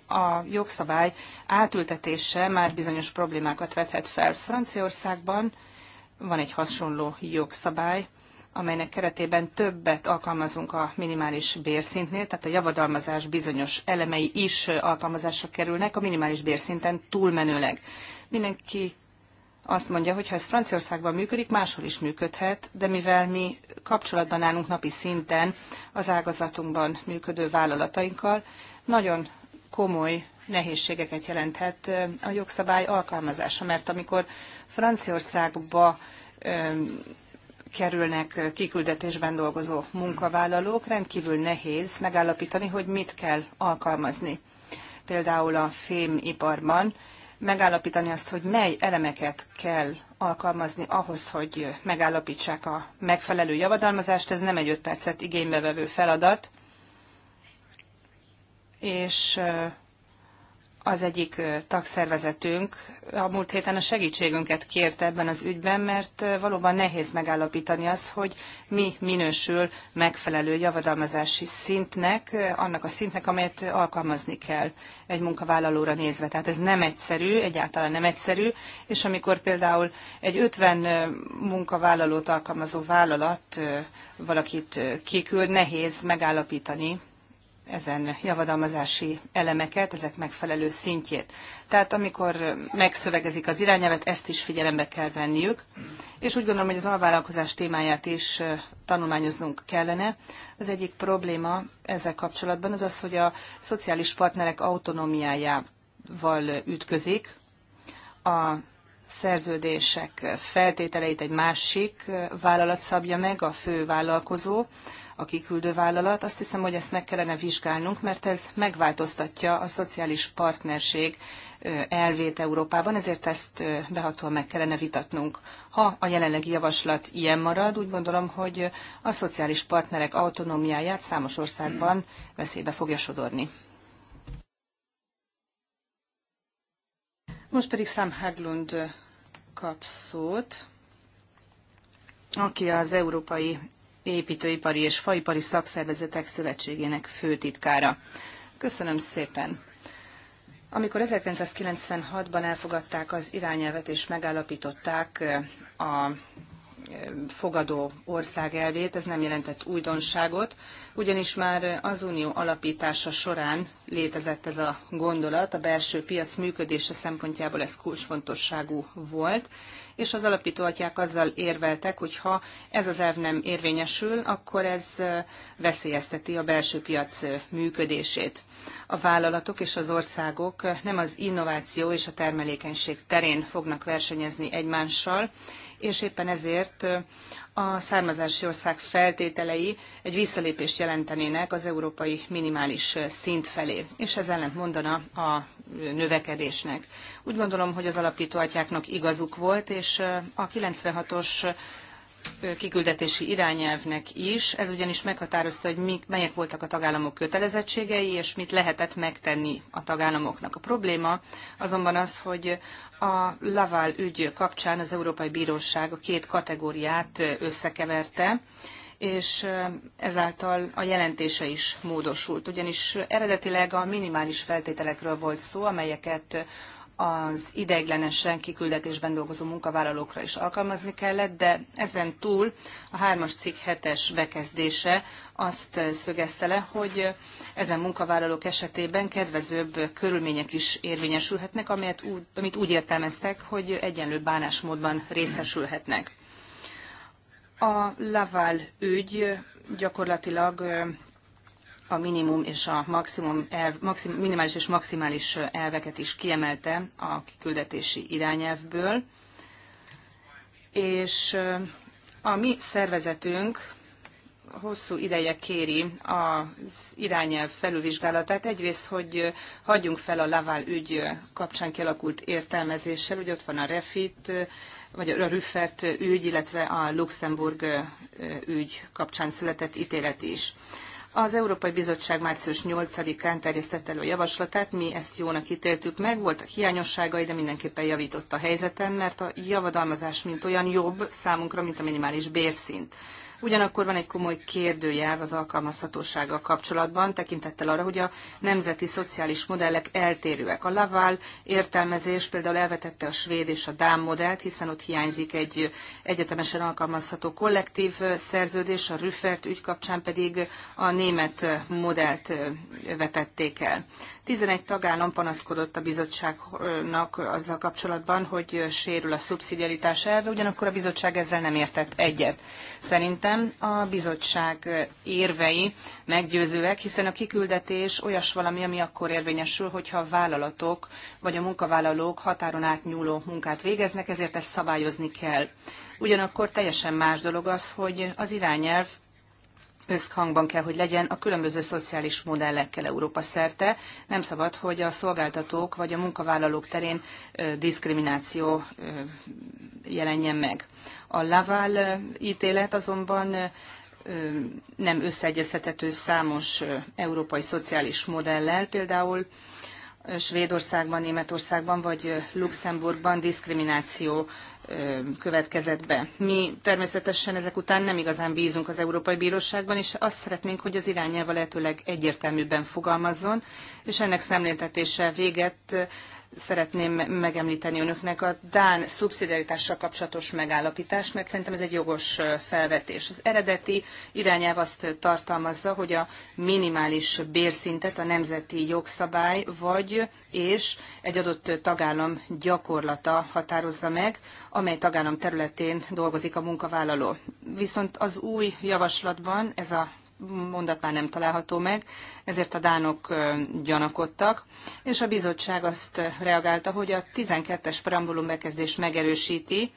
a jogszabály átültetése már bizonyos problémákat vethet fel. Franciaországban van egy hasonló jogszabály, amelynek keretében többet alkalmazunk a minimális bérszintnél, tehát a javadalmazás bizonyos elemei is alkalmazásra kerülnek a minimális bérszinten túlmenőleg. Mindenki azt mondja, hogy ha ez Franciaországban működik, máshol is működhet, de mivel mi kapcsolatban állunk napi szinten az ágazatunkban működő vállalatainkkal, nagyon komoly nehézségeket jelenthet a jogszabály alkalmazása, mert amikor Franciaországba kerülnek kiküldetésben dolgozó munkavállalók, rendkívül nehéz megállapítani, hogy mit kell alkalmazni. Például a fémiparban megállapítani azt, hogy mely elemeket kell alkalmazni ahhoz, hogy megállapítsák a megfelelő javadalmazást. Ez nem egy öt percet igénybevevő feladat, és az egyik tagszervezetünk a múlt héten a segítségünket kérte ebben az ügyben, mert valóban nehéz megállapítani azt, hogy mi minősül megfelelő javadalmazási szintnek, annak a szintnek, amelyet alkalmazni kell egy munkavállalóra nézve. Tehát ez nem egyszerű, egyáltalán nem egyszerű, és amikor például egy 50 munkavállalót alkalmazó vállalat valakit kiküld, nehéz megállapítani ezen javadalmazási elemeket, ezek megfelelő szintjét. Tehát amikor megszövegezik az irányelvet, ezt is figyelembe kell venniük, és úgy gondolom, hogy az alvállalkozás témáját is tanulmányoznunk kellene. Az egyik probléma ezzel kapcsolatban az az, hogy a szociális partnerek autonómiájával ütközik a szerződések feltételeit egy másik vállalat szabja meg, a fő vállalkozó, a kiküldővállalat. Azt hiszem, hogy ezt meg kellene vizsgálnunk, mert ez megváltoztatja a szociális partnerség elvét Európában, ezért ezt behatóan meg kellene vitatnunk. Ha a jelenlegi javaslat ilyen marad, úgy gondolom, hogy a szociális partnerek autonómiáját számos országban veszélybe fogja sodorni. Most pedig Sam Haglund kap szót, aki az Európai építőipari és faipari szakszervezetek szövetségének főtitkára. Köszönöm szépen! Amikor 1996-ban elfogadták az irányelvet és megállapították a fogadó ország elvét, ez nem jelentett újdonságot, ugyanis már az unió alapítása során létezett ez a gondolat, a belső piac működése szempontjából ez kulcsfontosságú volt, és az alapítóatják azzal érveltek, hogy ha ez az elv nem érvényesül, akkor ez veszélyezteti a belső piac működését. A vállalatok és az országok nem az innováció és a termelékenység terén fognak versenyezni egymással, és éppen ezért a származási ország feltételei egy visszalépést jelentenének az európai minimális szint felé, és ez ellent mondana a növekedésnek. Úgy gondolom, hogy az alapító atyáknak igazuk volt, és a 96-os kiküldetési irányelvnek is. Ez ugyanis meghatározta, hogy mik, melyek voltak a tagállamok kötelezettségei, és mit lehetett megtenni a tagállamoknak. A probléma azonban az, hogy a Laval ügy kapcsán az Európai Bíróság a két kategóriát összekeverte, és ezáltal a jelentése is módosult. Ugyanis eredetileg a minimális feltételekről volt szó, amelyeket az ideiglenesen kiküldetésben dolgozó munkavállalókra is alkalmazni kellett, de ezen túl a hármas cikk hetes bekezdése azt szögezte le, hogy ezen munkavállalók esetében kedvezőbb körülmények is érvényesülhetnek, amelyet úgy, amit úgy értelmeztek, hogy egyenlő bánásmódban részesülhetnek. A Laval ügy gyakorlatilag a minimum és a maximum elv, maxim, minimális és maximális elveket is kiemelte a kiküldetési irányelvből. És a mi szervezetünk hosszú ideje kéri az irányelv felülvizsgálatát. Egyrészt, hogy hagyjunk fel a Laval ügy kapcsán kialakult értelmezéssel, hogy ott van a Refit, vagy a Rüffert ügy, illetve a Luxemburg ügy kapcsán született ítélet is. Az Európai Bizottság március 8-án terjesztett elő a javaslatát, mi ezt jónak ítéltük meg, voltak hiányosságai, de mindenképpen javított a helyzeten, mert a javadalmazás mint olyan jobb számunkra, mint a minimális bérszint. Ugyanakkor van egy komoly kérdőjel az alkalmazhatósággal kapcsolatban, tekintettel arra, hogy a nemzeti szociális modellek eltérőek. A Laval értelmezés például elvetette a svéd és a dán modellt, hiszen ott hiányzik egy egyetemesen alkalmazható kollektív szerződés, a Rüffert ügy kapcsán pedig a német modellt vetették el. 11 tagállam panaszkodott a bizottságnak azzal kapcsolatban, hogy sérül a szubszidiaritás elve, ugyanakkor a bizottság ezzel nem értett egyet. Szerintem Szerintem a bizottság érvei meggyőzőek, hiszen a kiküldetés olyas valami, ami akkor érvényesül, hogyha a vállalatok vagy a munkavállalók határon átnyúló munkát végeznek, ezért ezt szabályozni kell. Ugyanakkor teljesen más dolog az, hogy az irányelv összhangban kell, hogy legyen a különböző szociális modellekkel Európa szerte. Nem szabad, hogy a szolgáltatók vagy a munkavállalók terén diszkrimináció jelenjen meg. A Laval ítélet azonban nem összeegyeztethető számos európai szociális modellel, például Svédországban, Németországban vagy Luxemburgban diszkrimináció következett be. Mi természetesen ezek után nem igazán bízunk az Európai Bíróságban, és azt szeretnénk, hogy az irányelva lehetőleg egyértelműbben fogalmazzon, és ennek szemléltetése véget szeretném megemlíteni önöknek a Dán szubszidiaritással kapcsolatos megállapítást, mert szerintem ez egy jogos felvetés. Az eredeti irányelv azt tartalmazza, hogy a minimális bérszintet a nemzeti jogszabály vagy és egy adott tagállam gyakorlata határozza meg, amely tagállam területén dolgozik a munkavállaló. Viszont az új javaslatban ez a mondat már nem található meg, ezért a dánok gyanakodtak, és a bizottság azt reagálta, hogy a 12-es preambulum bekezdés megerősíti,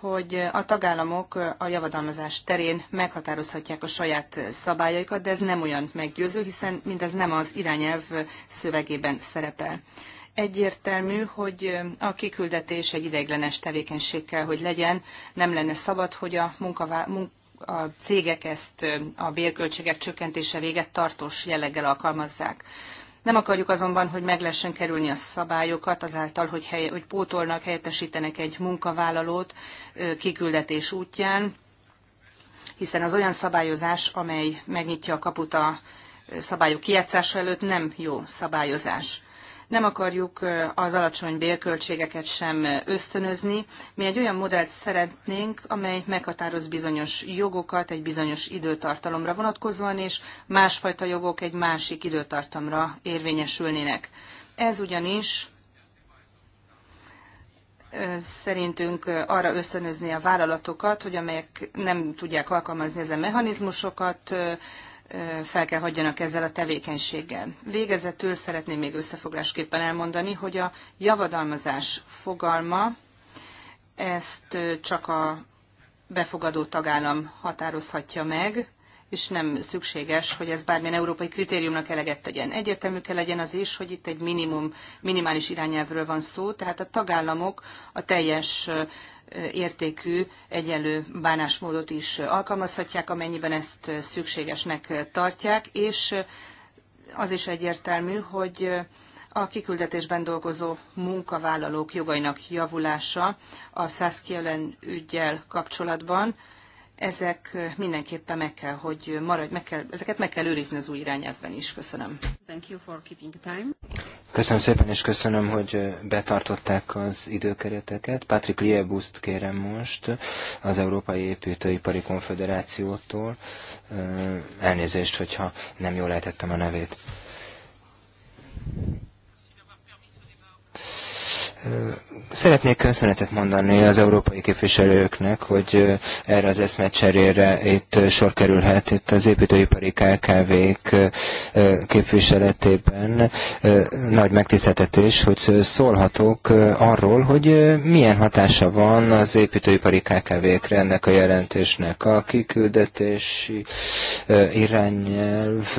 hogy a tagállamok a javadalmazás terén meghatározhatják a saját szabályaikat, de ez nem olyan meggyőző, hiszen mindez nem az irányelv szövegében szerepel. Egyértelmű, hogy a kiküldetés egy ideiglenes tevékenység kell, hogy legyen, nem lenne szabad, hogy a a cégek ezt a bérköltségek csökkentése véget tartós jelleggel alkalmazzák. Nem akarjuk azonban, hogy meg lehessen kerülni a szabályokat azáltal, hogy, hely, hogy pótolnak, helyettesítenek egy munkavállalót kiküldetés útján, hiszen az olyan szabályozás, amely megnyitja a kaput a szabályok kijátszása előtt, nem jó szabályozás. Nem akarjuk az alacsony bérköltségeket sem ösztönözni. Mi egy olyan modellt szeretnénk, amely meghatároz bizonyos jogokat egy bizonyos időtartalomra vonatkozóan, és másfajta jogok egy másik időtartamra érvényesülnének. Ez ugyanis szerintünk arra ösztönözni a vállalatokat, hogy amelyek nem tudják alkalmazni ezen mechanizmusokat, fel kell hagyjanak ezzel a tevékenységgel. Végezetül szeretném még összefoglásképpen elmondani, hogy a javadalmazás fogalma ezt csak a befogadó tagállam határozhatja meg, és nem szükséges, hogy ez bármilyen európai kritériumnak eleget tegyen. Egyértelmű kell legyen az is, hogy itt egy minimum, minimális irányelvről van szó, tehát a tagállamok a teljes értékű egyenlő bánásmódot is alkalmazhatják, amennyiben ezt szükségesnek tartják, és az is egyértelmű, hogy a kiküldetésben dolgozó munkavállalók jogainak javulása a Saskielen ügyel kapcsolatban ezek mindenképpen meg kell, hogy maradj, meg kell, ezeket meg kell őrizni az új irányelvben is. Köszönöm. Thank you for keeping time. Köszönöm szépen, és köszönöm, hogy betartották az időkereteket. Patrick Liebuszt kérem most az Európai Építőipari Konfederációtól. Elnézést, hogyha nem jól lehetettem a nevét. Szeretnék köszönetet mondani az európai képviselőknek, hogy eh, erre az eszmecserére itt eh, sor kerülhet, itt az építőipari KKV-k eh, képviseletében. Nagy megtiszteltetés, hogy szólhatok arról, hogy milyen hatása van az építőipari KKV-kre ennek a jelentésnek. A kiküldetési irányelv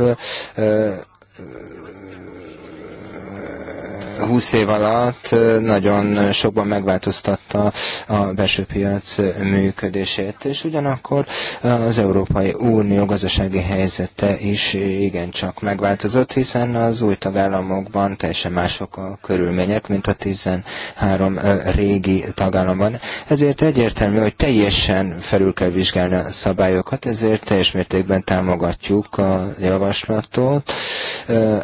20 év alatt nagyon sokban megváltoztatta a belső piac működését, és ugyanakkor az Európai Unió gazdasági helyzete is igencsak megváltozott, hiszen az új tagállamokban teljesen mások a körülmények, mint a 13 régi tagállamban. Ezért egyértelmű, hogy teljesen felül kell vizsgálni a szabályokat, ezért teljes mértékben támogatjuk a javaslatot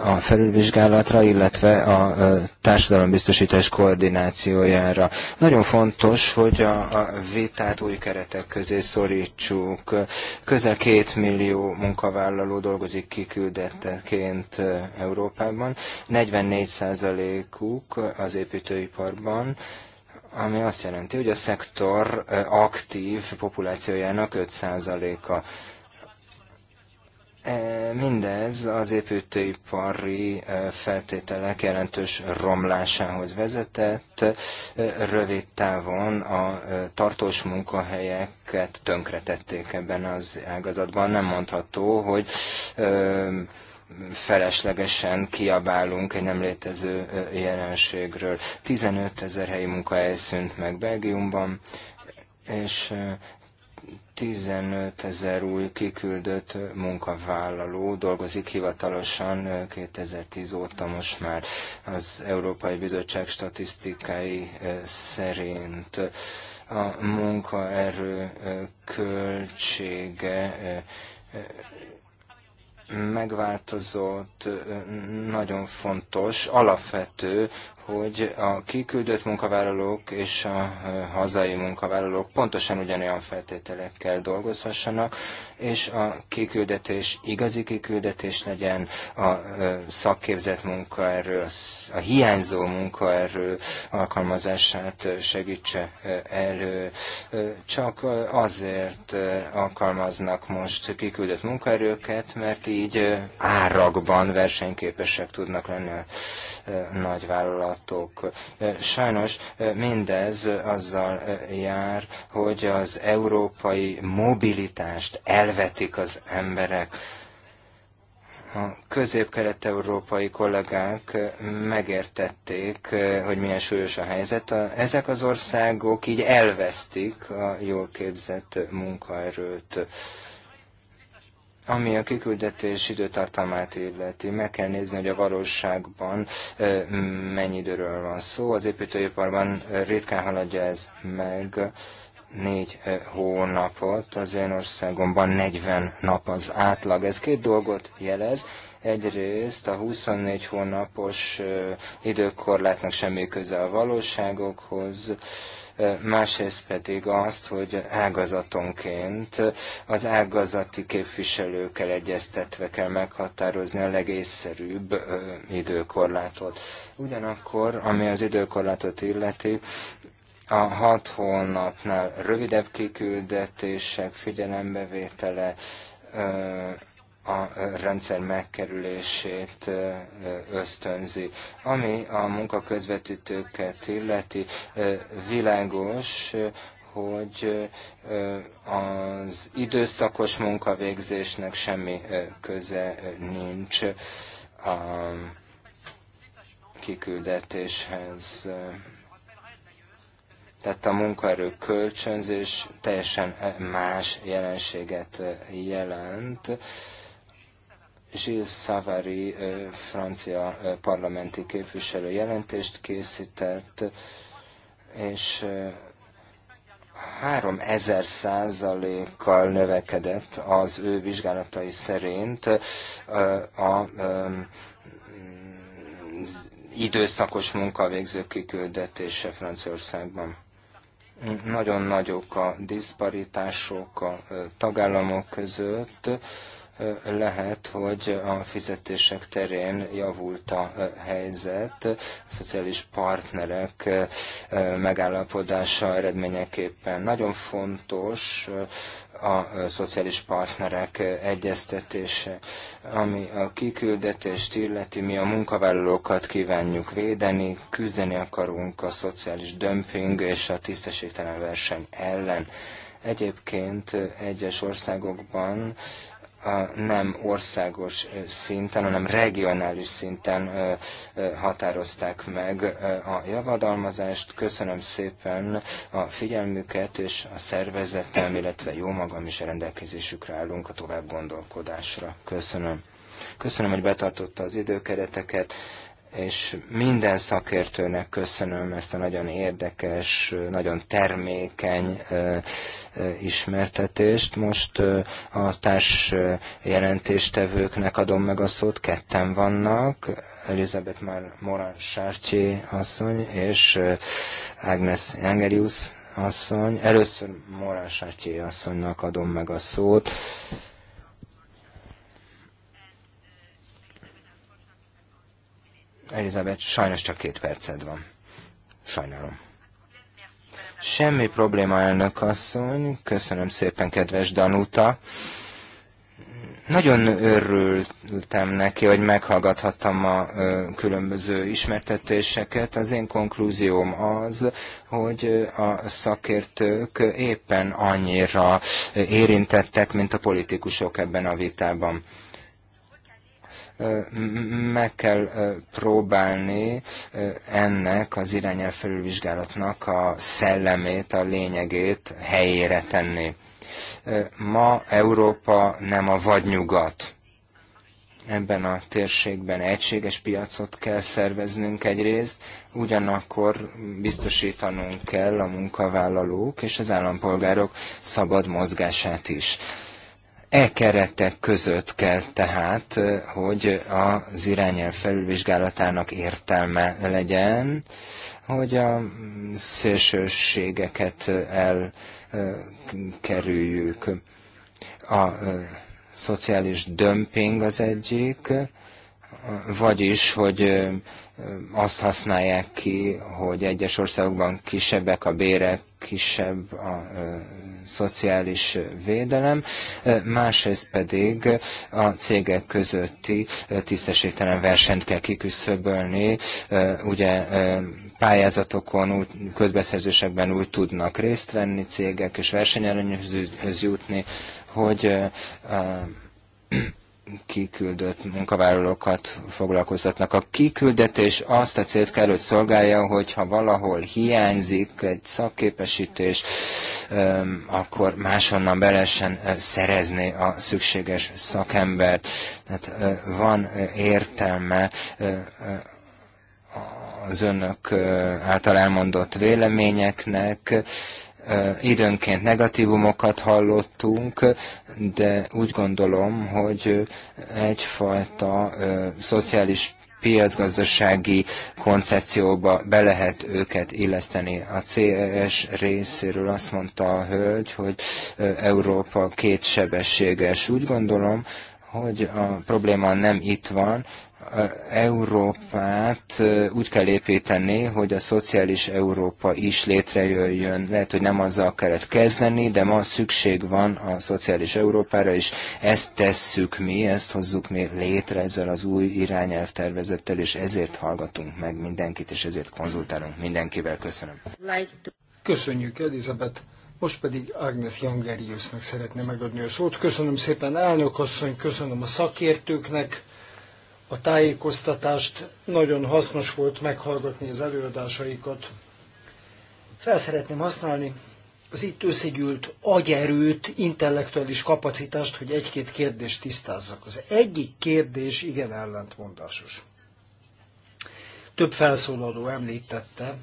a felülvizsgálatra, illetve a társadalombiztosítás koordinációjára. Nagyon fontos, hogy a, a vitát új keretek közé szorítsuk. Közel két millió munkavállaló dolgozik kiküldetteként Európában, 44 százalékuk az építőiparban, ami azt jelenti, hogy a szektor aktív populációjának 5%-a E, mindez az építőipari e, feltételek jelentős romlásához vezetett, e, rövid távon a tartós munkahelyeket tönkretették ebben az ágazatban. Nem mondható, hogy feleslegesen kiabálunk egy nem létező jelenségről. 15 ezer helyi munkahely szűnt meg Belgiumban, és 15 ezer új kiküldött munkavállaló dolgozik hivatalosan 2010 óta most már az Európai Bizottság statisztikái szerint. A munkaerő költsége megváltozott, nagyon fontos, alapvető hogy a kiküldött munkavállalók és a e, hazai munkavállalók pontosan ugyanolyan feltételekkel dolgozhassanak, és a kiküldetés igazi kiküldetés legyen, a e, szakképzett munkaerő, a hiányzó munkaerő alkalmazását segítse e, elő. Csak azért alkalmaznak most kiküldött munkaerőket, mert így árakban versenyképesek tudnak lenni a nagyvállalat adatok. E, sajnos e, mindez e, azzal jár, hogy az európai mobilitást elvetik az emberek a közép-kelet-európai kollégák megértették, hogy milyen súlyos a helyzet. Ezek az országok így elvesztik a jól képzett munkaerőt. Ami a kiküldetés időtartamát illeti, meg kell nézni, hogy a valóságban mennyi időről van szó. Az építőiparban ritkán haladja ez meg négy hónapot, az én országomban 40 nap az átlag. Ez két dolgot jelez. Egyrészt a 24 hónapos időkorlátnak semmi köze a valóságokhoz, másrészt pedig azt, hogy ágazatonként az ágazati képviselőkkel egyeztetve kell meghatározni a legészszerűbb időkorlátot. Ugyanakkor, ami az időkorlátot illeti, a hat hónapnál rövidebb kiküldetések figyelembevétele, a rendszer megkerülését ösztönzi. Ami a munkaközvetítőket illeti, világos, hogy az időszakos munkavégzésnek semmi köze nincs a kiküldetéshez. Tehát a munkaerő kölcsönzés teljesen más jelenséget jelent Gilles Savary francia parlamenti képviselő jelentést készített, és 3000 százalékkal növekedett az ő vizsgálatai szerint a időszakos munkavégzők kiküldetése Franciaországban. Nagyon nagyok a diszparitások a tagállamok között lehet, hogy a fizetések terén javult a helyzet, a szociális partnerek megállapodása eredményeképpen. Nagyon fontos a szociális partnerek egyeztetése, ami a kiküldetést illeti, mi a munkavállalókat kívánjuk védeni, küzdeni akarunk a szociális dömping és a tisztességtelen verseny ellen. Egyébként egyes országokban nem országos szinten, hanem regionális szinten határozták meg a javadalmazást. Köszönöm szépen a figyelmüket, és a szervezettel, illetve jó magam is a rendelkezésükre állunk a tovább gondolkodásra. Köszönöm. Köszönöm, hogy betartotta az időkereteket és minden szakértőnek köszönöm ezt a nagyon érdekes, nagyon termékeny ismertetést. Most a társ jelentéstevőknek adom meg a szót, ketten vannak, Elizabeth már Morán Sárcsi asszony és Agnes Engerius asszony. Először Morán Sárcsi asszonynak adom meg a szót. Elizabeth, sajnos csak két perced van. Sajnálom. Semmi probléma, elnök asszony. Köszönöm szépen, kedves Danuta. Nagyon örültem neki, hogy meghallgathattam a különböző ismertetéseket. Az én konklúzióm az, hogy a szakértők éppen annyira érintettek, mint a politikusok ebben a vitában meg kell próbálni ennek az irányel felülvizsgálatnak a szellemét, a lényegét helyére tenni. Ma Európa nem a vadnyugat ebben a térségben egységes piacot kell szerveznünk egyrészt, ugyanakkor biztosítanunk kell a munkavállalók és az állampolgárok szabad mozgását is e keretek között kell tehát, hogy az irányel felülvizsgálatának értelme legyen, hogy a szélsőségeket elkerüljük. A szociális dömping az egyik, vagyis, hogy azt használják ki, hogy egyes országokban kisebbek a bérek, kisebb a szociális védelem, másrészt pedig a cégek közötti tisztességtelen versenyt kell kiküszöbölni, ugye pályázatokon, közbeszerzésekben úgy tudnak részt venni cégek és versenyelőnyhöz jutni, hogy kiküldött munkavállalókat foglalkoztatnak. A kiküldetés azt a célt kell, hogy szolgálja, hogyha valahol hiányzik egy szakképesítés, akkor máshonnan be lehessen szerezni a szükséges szakembert. Tehát van értelme az önök által elmondott véleményeknek, időnként negatívumokat hallottunk, de úgy gondolom, hogy egyfajta szociális piacgazdasági koncepcióba be lehet őket illeszteni. A CES részéről azt mondta a hölgy, hogy Európa kétsebességes. Úgy gondolom, hogy a probléma nem itt van, Európát úgy kell építeni, hogy a szociális Európa is létrejöjjön. Lehet, hogy nem azzal kellett kezdeni, de ma szükség van a szociális Európára, és ezt tesszük mi, ezt hozzuk mi létre ezzel az új irányelvtervezettel, és ezért hallgatunk meg mindenkit, és ezért konzultálunk mindenkivel. Köszönöm. Köszönjük, Elizabeth. Most pedig Agnes Jangeriusnak szeretné megadni a szót. Köszönöm szépen, elnök asszony, köszönöm a szakértőknek a tájékoztatást, nagyon hasznos volt meghallgatni az előadásaikat. Felszeretném használni az itt összegyűlt agyerőt, intellektuális kapacitást, hogy egy-két kérdést tisztázzak. Az egyik kérdés igen ellentmondásos. Több felszólaló említette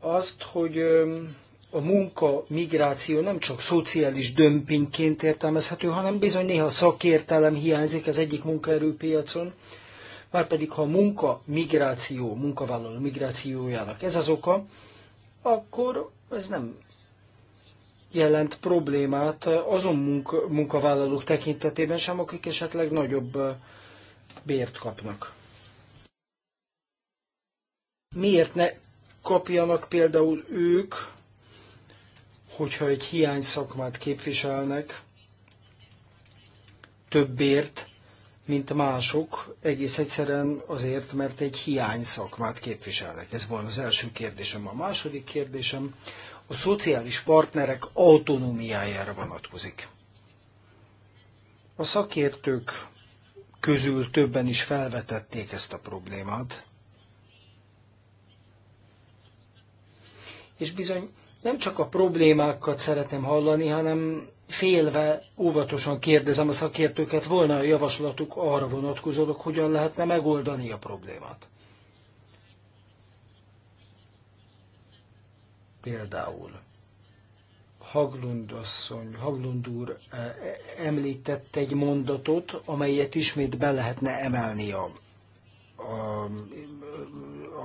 azt, hogy a munka migráció nem csak szociális dömpingként értelmezhető, hanem bizony néha szakértelem hiányzik az egyik munkaerőpiacon, márpedig ha a munka migráció, munkavállaló migrációjának ez az oka, akkor ez nem jelent problémát azon munka, munkavállalók tekintetében sem, akik esetleg nagyobb bért kapnak. Miért ne kapjanak például ők hogyha egy hiány szakmát képviselnek többért, mint mások, egész egyszerűen azért, mert egy hiány szakmát képviselnek. Ez volt az első kérdésem. A második kérdésem a szociális partnerek autonómiájára vonatkozik. A szakértők közül többen is felvetették ezt a problémát, és bizony nem csak a problémákat szeretném hallani, hanem félve óvatosan kérdezem a szakértőket, volna a javaslatuk arra vonatkozólag, hogyan lehetne megoldani a problémát. Például Haglund asszony, Haglund úr eh, eh, említett egy mondatot, amelyet ismét be lehetne emelni a, a,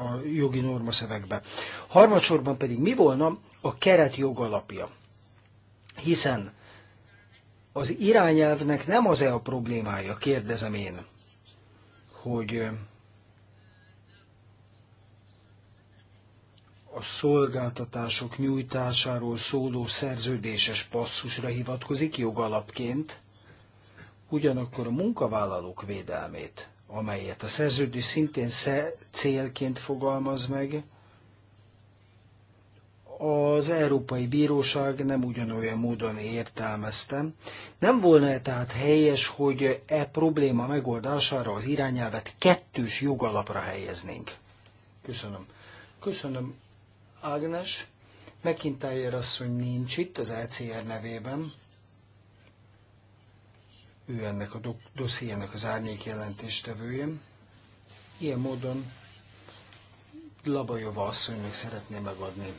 a jogi normaszövegbe. Harmadsorban pedig mi volna, a keret jogalapja. Hiszen az irányelvnek nem az-e a problémája, kérdezem én, hogy a szolgáltatások nyújtásáról szóló szerződéses passzusra hivatkozik jogalapként, ugyanakkor a munkavállalók védelmét, amelyet a szerződés szintén célként fogalmaz meg, az Európai Bíróság nem ugyanolyan módon értelmeztem. Nem volna -e tehát helyes, hogy e probléma megoldására az irányelvet kettős jogalapra helyeznénk? Köszönöm. Köszönöm, Ágnes. McIntyre asszony nincs itt az ECR nevében. Ő ennek a do dossziének az árnyék jelentéstevője. Ilyen módon Labajova asszonynak szeretné megadni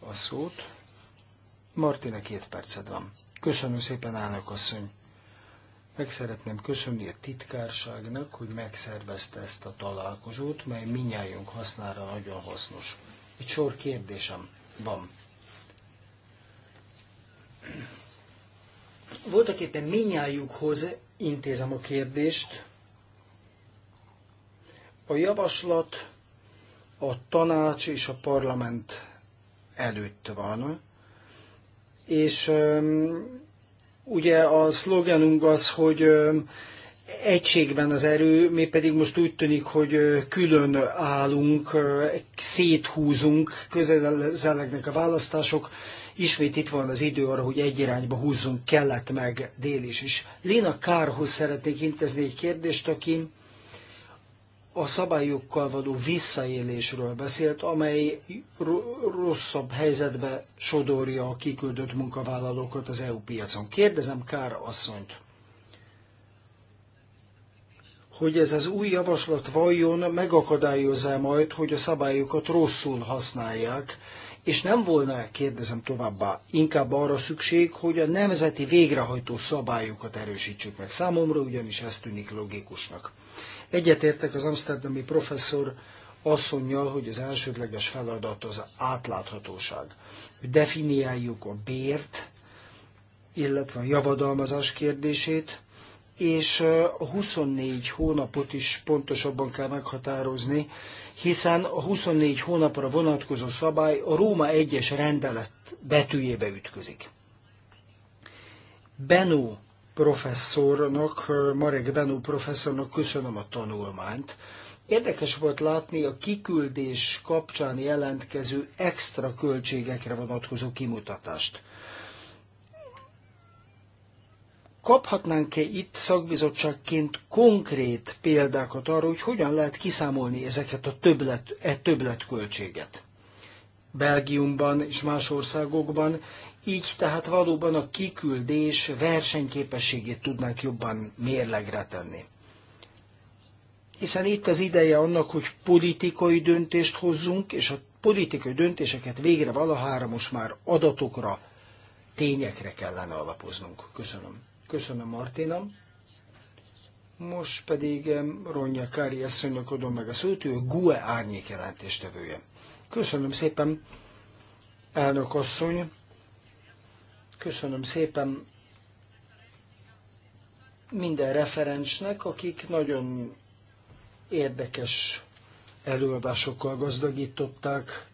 a szót. Martina, két perced van. Köszönöm szépen, állnak asszony. Meg szeretném köszönni a titkárságnak, hogy megszervezte ezt a találkozót, mely minnyájunk hasznára nagyon hasznos. Egy sor kérdésem van. Voltak éppen minnyájukhoz intézem a kérdést. A javaslat a tanács és a parlament előtt van. És ugye a szlogenunk az, hogy egységben az erő, mi pedig most úgy tűnik, hogy külön állunk, széthúzunk, közelegnek a választások, ismét itt van az idő arra, hogy egy irányba húzzunk, kellett meg dél is. És Léna Kárhoz szeretnék intézni egy kérdést, aki a szabályokkal való visszaélésről beszélt, amely rosszabb helyzetbe sodorja a kiküldött munkavállalókat az EU piacon. Kérdezem Kár asszonyt, hogy ez az új javaslat vajon megakadályozza majd, hogy a szabályokat rosszul használják, és nem volna, kérdezem továbbá, inkább arra szükség, hogy a nemzeti végrehajtó szabályokat erősítsük meg. Számomra ugyanis ez tűnik logikusnak. Egyetértek az amsterdami professzor asszonyjal, hogy az elsődleges feladat az átláthatóság. Hogy definiáljuk a bért, illetve a javadalmazás kérdését, és a 24 hónapot is pontosabban kell meghatározni, hiszen a 24 hónapra vonatkozó szabály a Róma 1-es rendelet betűjébe ütközik. Benó professzornak, Marek Benó professzornak köszönöm a tanulmányt. Érdekes volt látni a kiküldés kapcsán jelentkező extra költségekre vonatkozó kimutatást. Kaphatnánk-e itt szakbizottságként konkrét példákat arra, hogy hogyan lehet kiszámolni ezeket a többlet, e többletköltséget? Belgiumban és más országokban így tehát valóban a kiküldés versenyképességét tudnánk jobban mérlegre tenni. Hiszen itt az ideje annak, hogy politikai döntést hozzunk, és a politikai döntéseket végre valahára most már adatokra, tényekre kellene alapoznunk. Köszönöm. Köszönöm, Martina. Most pedig Ronja Kári asszonynak adom meg a szót, ő a GUE árnyék jelentéstevője. Köszönöm szépen, elnök asszony. Köszönöm szépen minden referensnek, akik nagyon érdekes előadásokkal gazdagították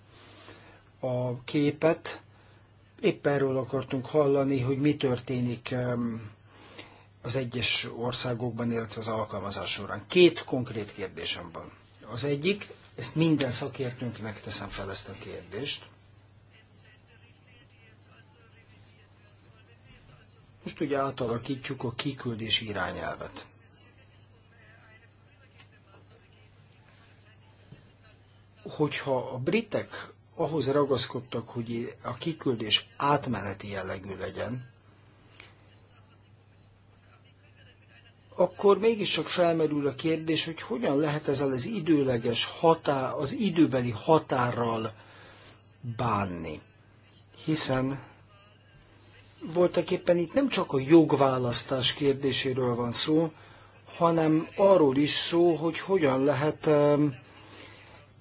a képet. Épp erről akartunk hallani, hogy mi történik az egyes országokban, illetve az alkalmazás során. Két konkrét kérdésem van. Az egyik, ezt minden szakértőnknek teszem fel ezt a kérdést, Most ugye átalakítjuk a kiküldés irányelvet. Hogyha a britek ahhoz ragaszkodtak, hogy a kiküldés átmeneti jellegű legyen, akkor mégiscsak felmerül a kérdés, hogy hogyan lehet ezzel az időleges határ, az időbeli határral bánni. Hiszen voltak éppen itt nem csak a jogválasztás kérdéséről van szó, hanem arról is szó, hogy hogyan lehet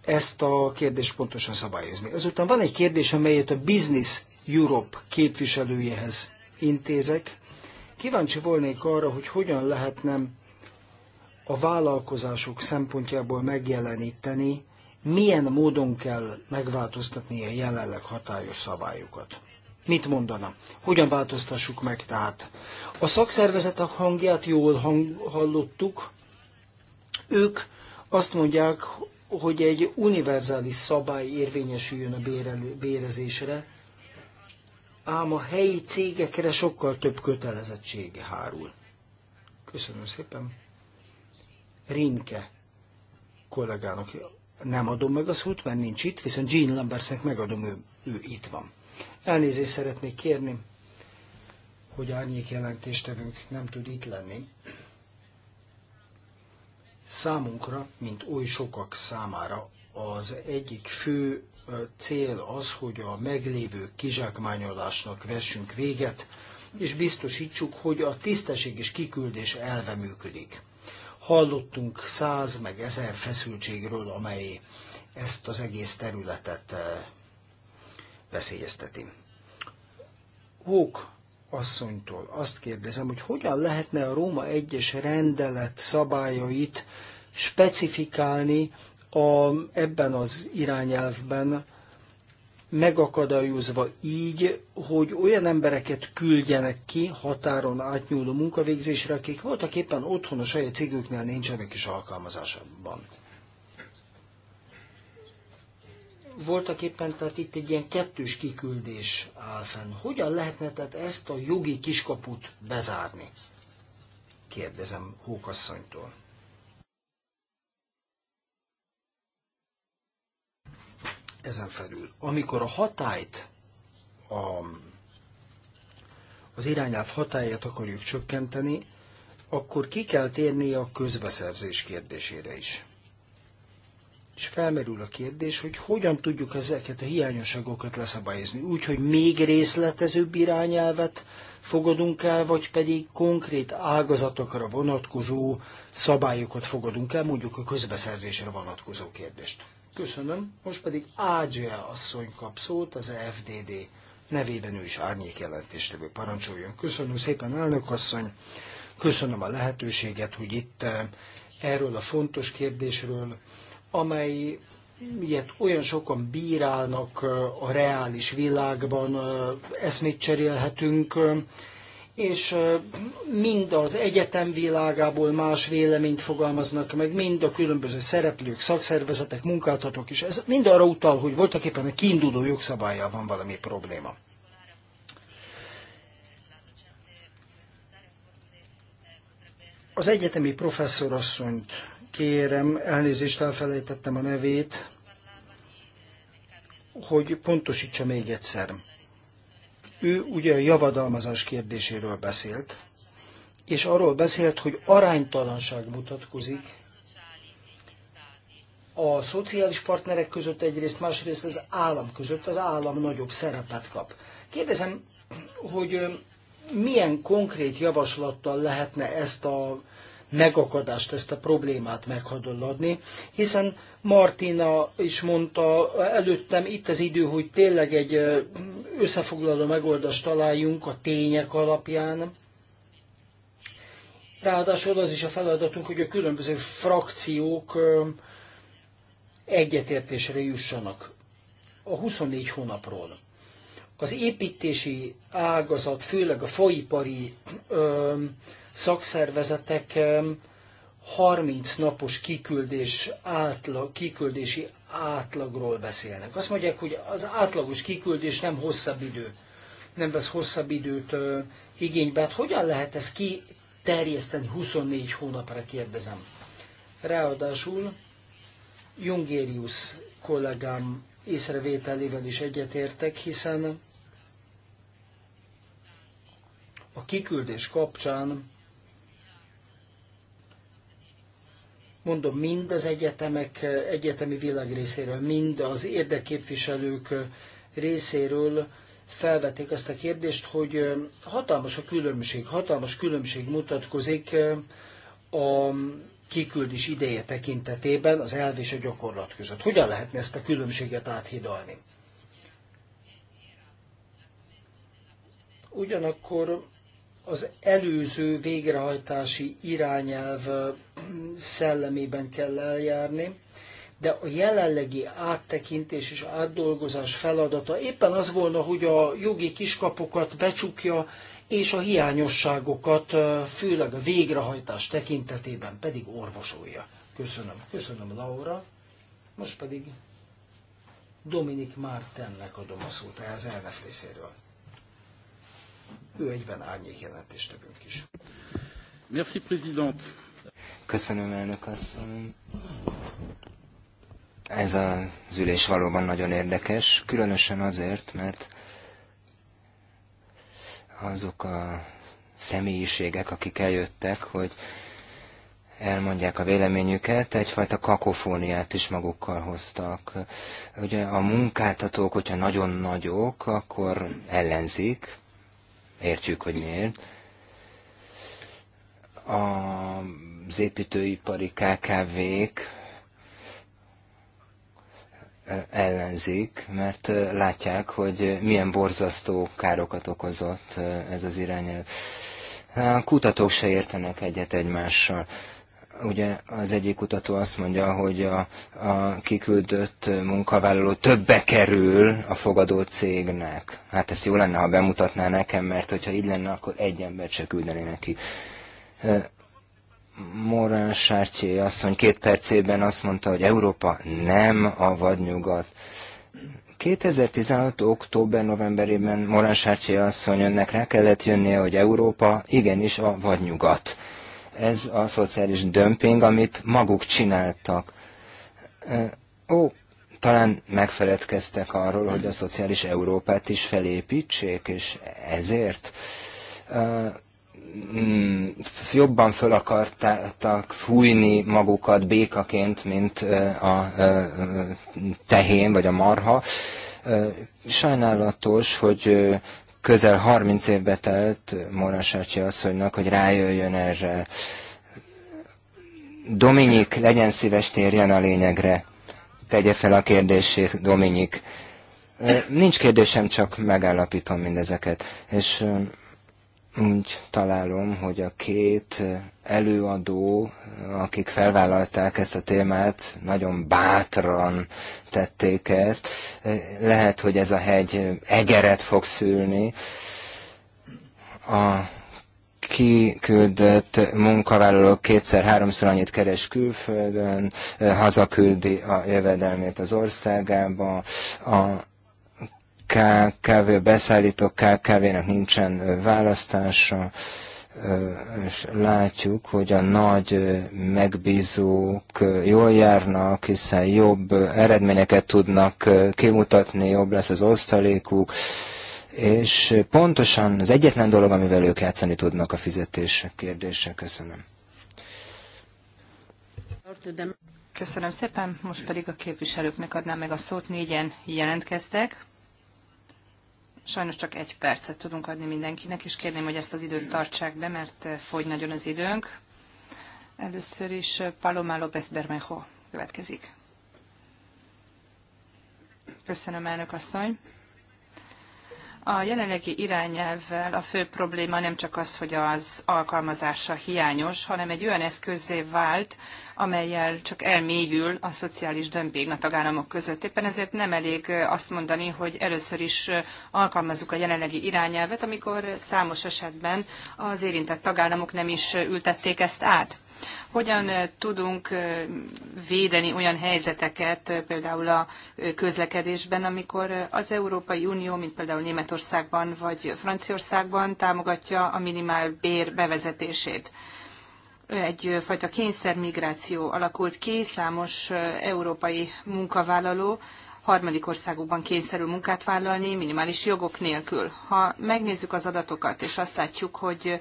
ezt a kérdést pontosan szabályozni. Azután van egy kérdés, amelyet a Business Europe képviselőjehez intézek. Kíváncsi volnék arra, hogy hogyan lehetne a vállalkozások szempontjából megjeleníteni, milyen módon kell megváltoztatni a jelenleg hatályos szabályokat mit mondana? Hogyan változtassuk meg tehát? A szakszervezetek hangját jól hang, hallottuk. Ők azt mondják, hogy egy univerzális szabály érvényesüljön a bérelő, bérezésre, ám a helyi cégekre sokkal több kötelezettsége hárul. Köszönöm szépen. Rinke kollégának nem adom meg a szót, mert nincs itt, viszont Jean Lambersnek megadom, ő, ő itt van. Elnézést szeretnék kérni, hogy árnyék jelentéstevünk nem tud itt lenni. Számunkra, mint oly sokak számára, az egyik fő cél az, hogy a meglévő kizsákmányolásnak vessünk véget, és biztosítsuk, hogy a tisztesség és kiküldés elve működik. Hallottunk száz meg ezer feszültségről, amely ezt az egész területet veszélyezteti. Hók asszonytól azt kérdezem, hogy hogyan lehetne a Róma egyes rendelet szabályait specifikálni a, ebben az irányelvben, megakadályozva így, hogy olyan embereket küldjenek ki határon átnyúló munkavégzésre, akik voltak éppen otthon a saját cégüknél nincsenek is alkalmazásban. voltak éppen, tehát itt egy ilyen kettős kiküldés áll fenn. Hogyan lehetne tehát ezt a jogi kiskaput bezárni? Kérdezem Hókasszonytól. Ezen felül, amikor a hatályt, a, az irányáv hatályát akarjuk csökkenteni, akkor ki kell térni a közbeszerzés kérdésére is és felmerül a kérdés, hogy hogyan tudjuk ezeket a hiányosságokat leszabályozni. Úgy, hogy még részletezőbb irányelvet fogadunk el, vagy pedig konkrét ágazatokra vonatkozó szabályokat fogadunk el, mondjuk a közbeszerzésre vonatkozó kérdést. Köszönöm. Most pedig Ágyel asszony kap szót az FDD nevében ő is árnyék jelentéstevő parancsoljon. Köszönöm szépen, elnök asszony. Köszönöm a lehetőséget, hogy itt eh, erről a fontos kérdésről amely ilyet olyan sokan bírálnak a reális világban, eszmét cserélhetünk, és mind az egyetem világából más véleményt fogalmaznak meg, mind a különböző szereplők, szakszervezetek, munkáltatók is. Ez mind arra utal, hogy voltak éppen a kiinduló jogszabályjal van valami probléma. Az egyetemi professzorasszonyt kérem, elnézést elfelejtettem a nevét, hogy pontosítsa még egyszer. Ő ugye a javadalmazás kérdéséről beszélt, és arról beszélt, hogy aránytalanság mutatkozik a szociális partnerek között egyrészt, másrészt az állam között, az állam nagyobb szerepet kap. Kérdezem, hogy milyen konkrét javaslattal lehetne ezt a megakadást, ezt a problémát meghadoladni, hiszen Martina is mondta előttem, itt az idő, hogy tényleg egy összefoglaló megoldást találjunk a tények alapján. Ráadásul az is a feladatunk, hogy a különböző frakciók egyetértésre jussanak a 24 hónapról az építési ágazat, főleg a faipari ö, szakszervezetek ö, 30 napos kiküldés átlag, kiküldési átlagról beszélnek. Azt mondják, hogy az átlagos kiküldés nem hosszabb idő, nem vesz hosszabb időt ö, igénybe. Hát hogyan lehet ezt kiterjeszteni 24 hónapra, kérdezem. Ráadásul Jungérius kollégám észrevételével is egyetértek, hiszen a kiküldés kapcsán mondom, mind az egyetemek, egyetemi világ részéről, mind az érdekképviselők részéről felvették ezt a kérdést, hogy hatalmas a különbség, hatalmas különbség mutatkozik a kiküldés ideje tekintetében az elv és a gyakorlat között. Hogyan lehetne ezt a különbséget áthidalni? Ugyanakkor az előző végrehajtási irányelv mm, szellemében kell eljárni, de a jelenlegi áttekintés és átdolgozás feladata éppen az volna, hogy a jogi kiskapokat becsukja, és a hiányosságokat, főleg a végrehajtás tekintetében pedig orvosolja. Köszönöm. Köszönöm, Laura. Most pedig Dominik Mártennek adom a szót ehhez elnök részéről. Ő egyben árnyék tevünk is. Merci, président. Köszönöm, elnök asszony. Ez az ülés valóban nagyon érdekes, különösen azért, mert azok a személyiségek, akik eljöttek, hogy elmondják a véleményüket, egyfajta kakofóniát is magukkal hoztak. Ugye a munkáltatók, hogyha nagyon nagyok, akkor ellenzik, értjük, hogy miért. Az építőipari KKV-k ellenzik, mert látják, hogy milyen borzasztó károkat okozott ez az irányelv. A kutatók se értenek egyet egymással ugye az egyik kutató azt mondja, hogy a, a kiküldött munkavállaló többe kerül a fogadó cégnek. Hát ez jó lenne, ha bemutatná nekem, mert hogyha így lenne, akkor egy embert se küldeni neki. Morán Sártyé asszony két percében azt mondta, hogy Európa nem a vadnyugat. 2016. október-novemberében Morán Sártyé asszony önnek rá kellett jönnie, hogy Európa igenis a vadnyugat. Ez a szociális dömping, amit maguk csináltak. Ó, talán megfeledkeztek arról, hogy a szociális Európát is felépítsék, és ezért Mm, jobban föl akarták fújni magukat békaként, mint a tehén vagy a marha. Sajnálatos, hogy közel 30 évbe telt Morasátyi asszonynak, hogy rájöjjön erre. Dominik, legyen szíves, térjen a lényegre. Tegye fel a kérdését, Dominik. Nincs kérdésem, csak megállapítom mindezeket. És úgy találom, hogy a két előadó, akik felvállalták ezt a témát, nagyon bátran tették ezt. Lehet, hogy ez a hegy egeret fog szülni. A kiküldött munkavállalók kétszer-háromszor annyit keres külföldön, hazaküldi a jövedelmét az országába, a KKV, beszállító KKV-nek nincsen választása, és látjuk, hogy a nagy megbízók jól járnak, hiszen jobb eredményeket tudnak kimutatni, jobb lesz az osztalékuk, és pontosan az egyetlen dolog, amivel ők játszani tudnak a fizetés kérdése. Köszönöm. Köszönöm szépen, most pedig a képviselőknek adnám meg a szót, négyen jelentkeztek. Sajnos csak egy percet tudunk adni mindenkinek, és kérném, hogy ezt az időt tartsák be, mert eh, fogy nagyon az időnk. Először is eh, Paloma López Bermejo következik. Köszönöm, elnök asszony. A jelenlegi irányelvvel a fő probléma nem csak az, hogy az alkalmazása hiányos, hanem egy olyan eszközzé vált, amelyel csak elmélyül a szociális dömping a tagállamok között. Éppen ezért nem elég azt mondani, hogy először is alkalmazzuk a jelenlegi irányelvet, amikor számos esetben az érintett tagállamok nem is ültették ezt át. Hogyan eh, tudunk eh, védeni olyan helyzeteket, eh, például a közlekedésben, amikor az Európai Unió, mint például Németországban vagy Franciaországban támogatja a minimál bér bevezetését? Egyfajta kényszermigráció alakult ki, számos európai munkavállaló, harmadik országokban kényszerül munkát vállalni minimális jogok nélkül. Ha megnézzük az adatokat, és azt látjuk, hogy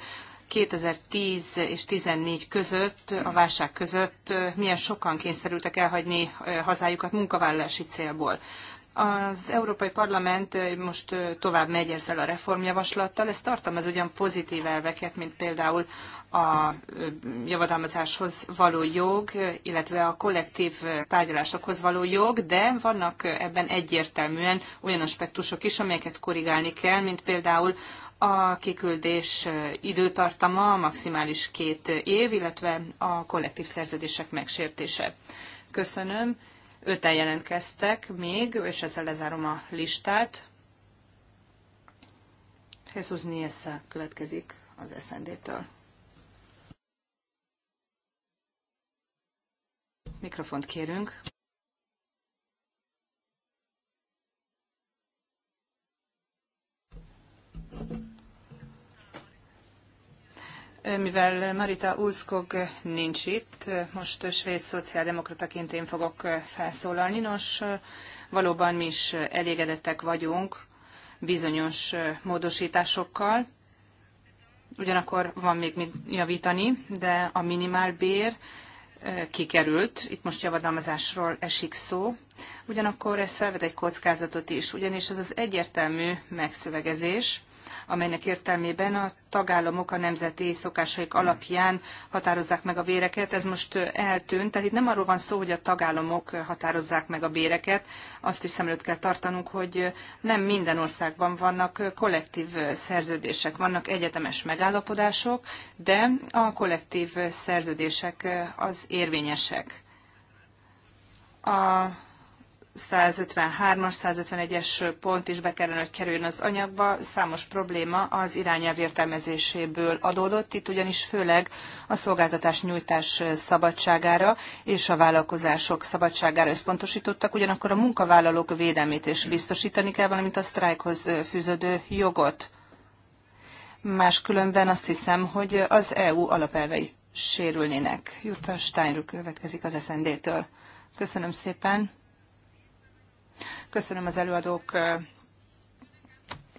2010 és 14 között, a válság között milyen sokan kényszerültek elhagyni hazájukat munkavállalási célból. Az Európai Parlament most tovább megy ezzel a reformjavaslattal, ez az ugyan pozitív elveket, mint például a javadalmazáshoz való jog, illetve a kollektív tárgyalásokhoz való jog, de vannak ebben egyértelműen olyan aspektusok is, amelyeket korrigálni kell, mint például a kiküldés időtartama maximális két év, illetve a kollektív szerződések megsértése. Köszönöm. Öten jelentkeztek még, és ezzel lezárom a listát. Jesus Niesa következik az SND-től. Mikrofont kérünk. Mivel Marita Ulskog nincs itt, most svéd szociáldemokrataként én fogok felszólalni. Nos, valóban mi is elégedettek vagyunk bizonyos módosításokkal. Ugyanakkor van még mit javítani, de a minimálbér eh, kikerült, itt most javadalmazásról esik szó, ugyanakkor ez felved egy kockázatot is, ugyanis ez az egyértelmű megszövegezés, amelynek értelmében a tagállamok a nemzeti szokásaik alapján határozzák meg a béreket. Ez most eltűnt, tehát itt nem arról van szó, hogy a tagállamok határozzák meg a béreket. Azt is szem előtt kell tartanunk, hogy nem minden országban vannak kollektív szerződések, vannak egyetemes megállapodások, de a kollektív szerződések az érvényesek. A 153-as, 151-es pont is be kellene, hogy kerüljön az anyagba. Számos probléma az irányelv értelmezéséből adódott, itt ugyanis főleg a szolgáltatás nyújtás szabadságára és a vállalkozások szabadságára összpontosítottak, ugyanakkor a munkavállalók védelmét is biztosítani kell, valamint a sztrájkhoz fűződő jogot. Máskülönben azt hiszem, hogy az EU alapelvei sérülnének. Jutta Steinrück következik az SND-től. Köszönöm szépen. Köszönöm az előadók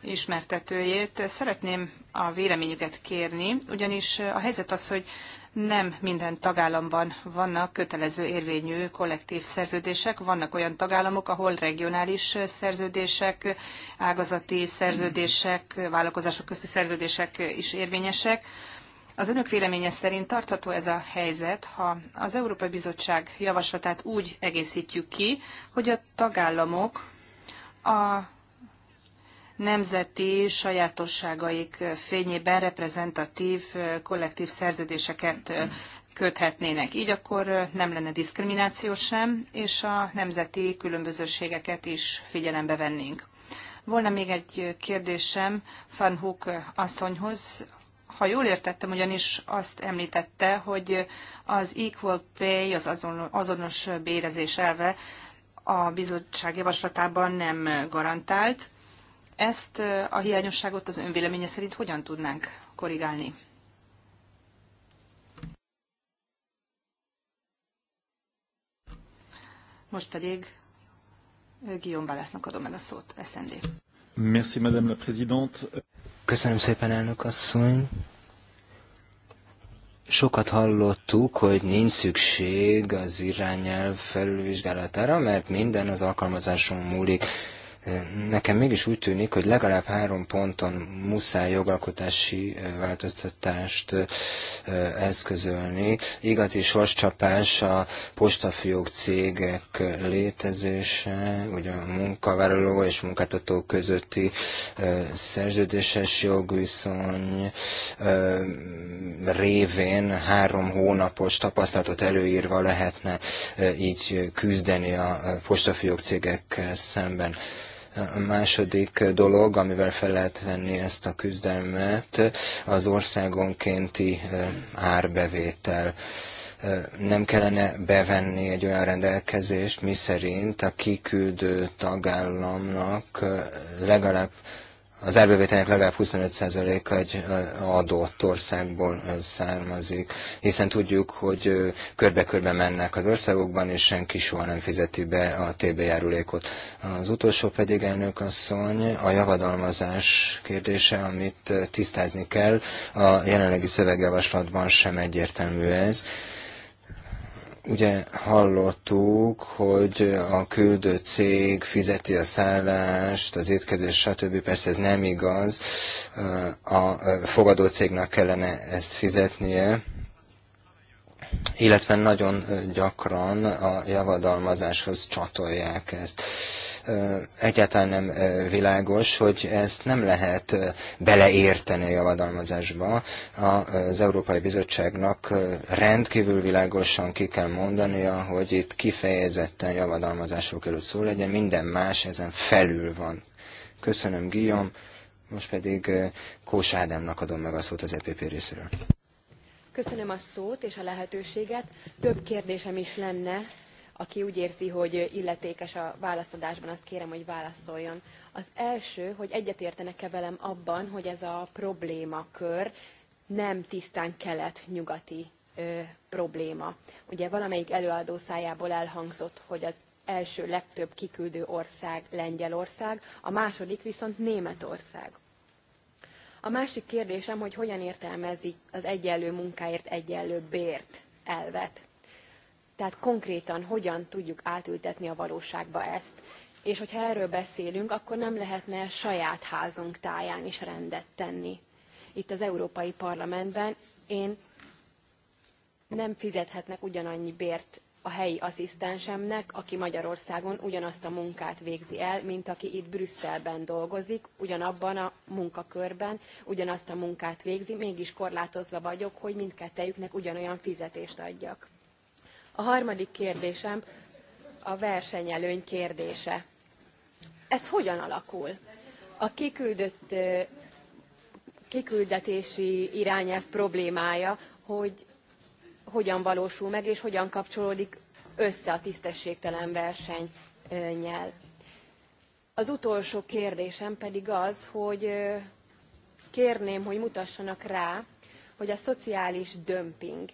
ismertetőjét. Szeretném a véleményüket kérni, ugyanis a helyzet az, hogy nem minden tagállamban vannak kötelező érvényű kollektív szerződések, vannak olyan tagállamok, ahol regionális szerződések, ágazati szerződések, vállalkozások közti szerződések is érvényesek. Az önök véleménye szerint tartható ez a helyzet, ha az Európai Bizottság javaslatát úgy egészítjük ki, hogy a tagállamok a nemzeti sajátosságaik fényében reprezentatív kollektív szerződéseket köthetnének. Így akkor nem lenne diszkrimináció sem, és a nemzeti különbözőségeket is figyelembe vennénk. Volna még egy kérdésem Van Hook asszonyhoz, ha jól értettem, ugyanis azt említette, hogy az equal pay, az azonos bérezés elve a bizottság javaslatában nem garantált. Ezt a hiányosságot az önvéleménye szerint hogyan tudnánk korrigálni? Most pedig Guillaume Balásznak adom meg a szót, SND. Merci, Madame la Présidente. Köszönöm szépen, elnök asszony. Sokat hallottuk, hogy nincs szükség az irányelv felülvizsgálatára, mert minden az alkalmazáson múlik. Nekem mégis úgy tűnik, hogy legalább három ponton muszáj jogalkotási változtatást eszközölni. Igazi sorscsapás a postafiók cégek létezése, ugye a munkavállaló és munkáltató közötti szerződéses jogviszony révén három hónapos tapasztalatot előírva lehetne így küzdeni a postafiók cégekkel szemben. A második dolog, amivel fel lehet venni ezt a küzdelmet, az országonkénti árbevétel nem kellene bevenni egy olyan rendelkezést, miszerint a kiküldő tagállamnak legalább az árbevételnek legalább 25%-a egy adott országból származik, hiszen tudjuk, hogy körbe-körbe mennek az országokban, és senki soha nem fizeti be a TB járulékot. Az utolsó pedig, elnök asszony, a javadalmazás kérdése, amit tisztázni kell, a jelenlegi szövegjavaslatban sem egyértelmű ez. Ugye hallottuk, hogy a küldő cég fizeti a szállást, az étkezés, stb. Persze ez nem igaz. A fogadó cégnek kellene ezt fizetnie illetve nagyon gyakran a javadalmazáshoz csatolják ezt. Egyáltalán nem világos, hogy ezt nem lehet beleérteni a javadalmazásba. Az Európai Bizottságnak rendkívül világosan ki kell mondania, hogy itt kifejezetten javadalmazásról került szó legyen, minden más ezen felül van. Köszönöm, Guillaume. Most pedig Kós Ádámnak adom meg a szót az EPP részéről. Köszönöm a szót és a lehetőséget. Több kérdésem is lenne. Aki úgy érti, hogy illetékes a válaszadásban, azt kérem, hogy válaszoljon. Az első, hogy egyetértenek-e velem abban, hogy ez a problémakör nem tisztán kelet-nyugati ö, probléma. Ugye valamelyik előadó szájából elhangzott, hogy az első legtöbb kiküldő ország Lengyelország, a második viszont Németország. A másik kérdésem, hogy hogyan értelmezik az egyenlő munkáért egyenlő bért elvet. Tehát konkrétan hogyan tudjuk átültetni a valóságba ezt. És hogyha erről beszélünk, akkor nem lehetne saját házunk táján is rendet tenni. Itt az Európai Parlamentben én nem fizethetnek ugyanannyi bért a helyi asszisztensemnek, aki Magyarországon ugyanazt a munkát végzi el, mint aki itt Brüsszelben dolgozik, ugyanabban a munkakörben, ugyanazt a munkát végzi, mégis korlátozva vagyok, hogy mindkettejüknek ugyanolyan fizetést adjak. A harmadik kérdésem a versenyelőny kérdése. Ez hogyan alakul? A kiküldött, kiküldetési irányelv problémája, hogy hogyan valósul meg, és hogyan kapcsolódik össze a tisztességtelen versennyel. Az utolsó kérdésem pedig az, hogy kérném, hogy mutassanak rá, hogy a szociális dömping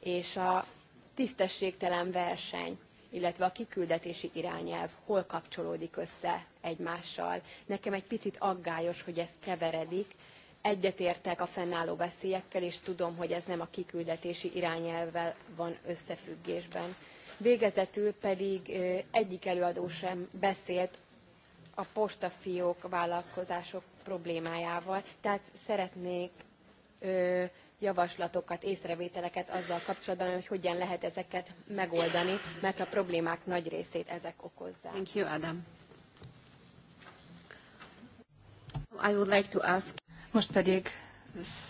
és a tisztességtelen verseny, illetve a kiküldetési irányelv hol kapcsolódik össze egymással. Nekem egy picit aggályos, hogy ez keveredik, Egyetértek a fennálló veszélyekkel, és tudom, hogy ez nem a kiküldetési irányelvvel van összefüggésben. Végezetül pedig egyik előadó sem beszélt a postafiók vállalkozások problémájával, tehát szeretnék javaslatokat, észrevételeket azzal kapcsolatban, hogy hogyan lehet ezeket megoldani, mert a problémák nagy részét ezek okozzák. Thank you, Adam. I would like to ask... Most pedig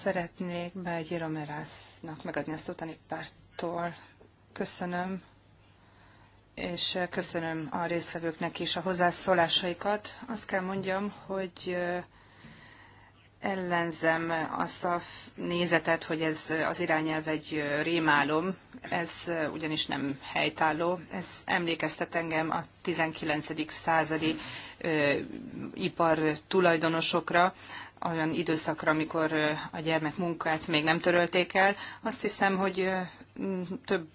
szeretnék Bágyi Romerásznak megadni a szótani pártól. Köszönöm, és köszönöm a résztvevőknek is a hozzászólásaikat. Azt kell mondjam, hogy ellenzem azt a nézetet, hogy ez az irányelv egy rémálom, ez ugyanis nem helytálló. Ez emlékeztet engem a 19. századi ipar tulajdonosokra, olyan időszakra, amikor a gyermek munkát még nem törölték el. Azt hiszem, hogy több,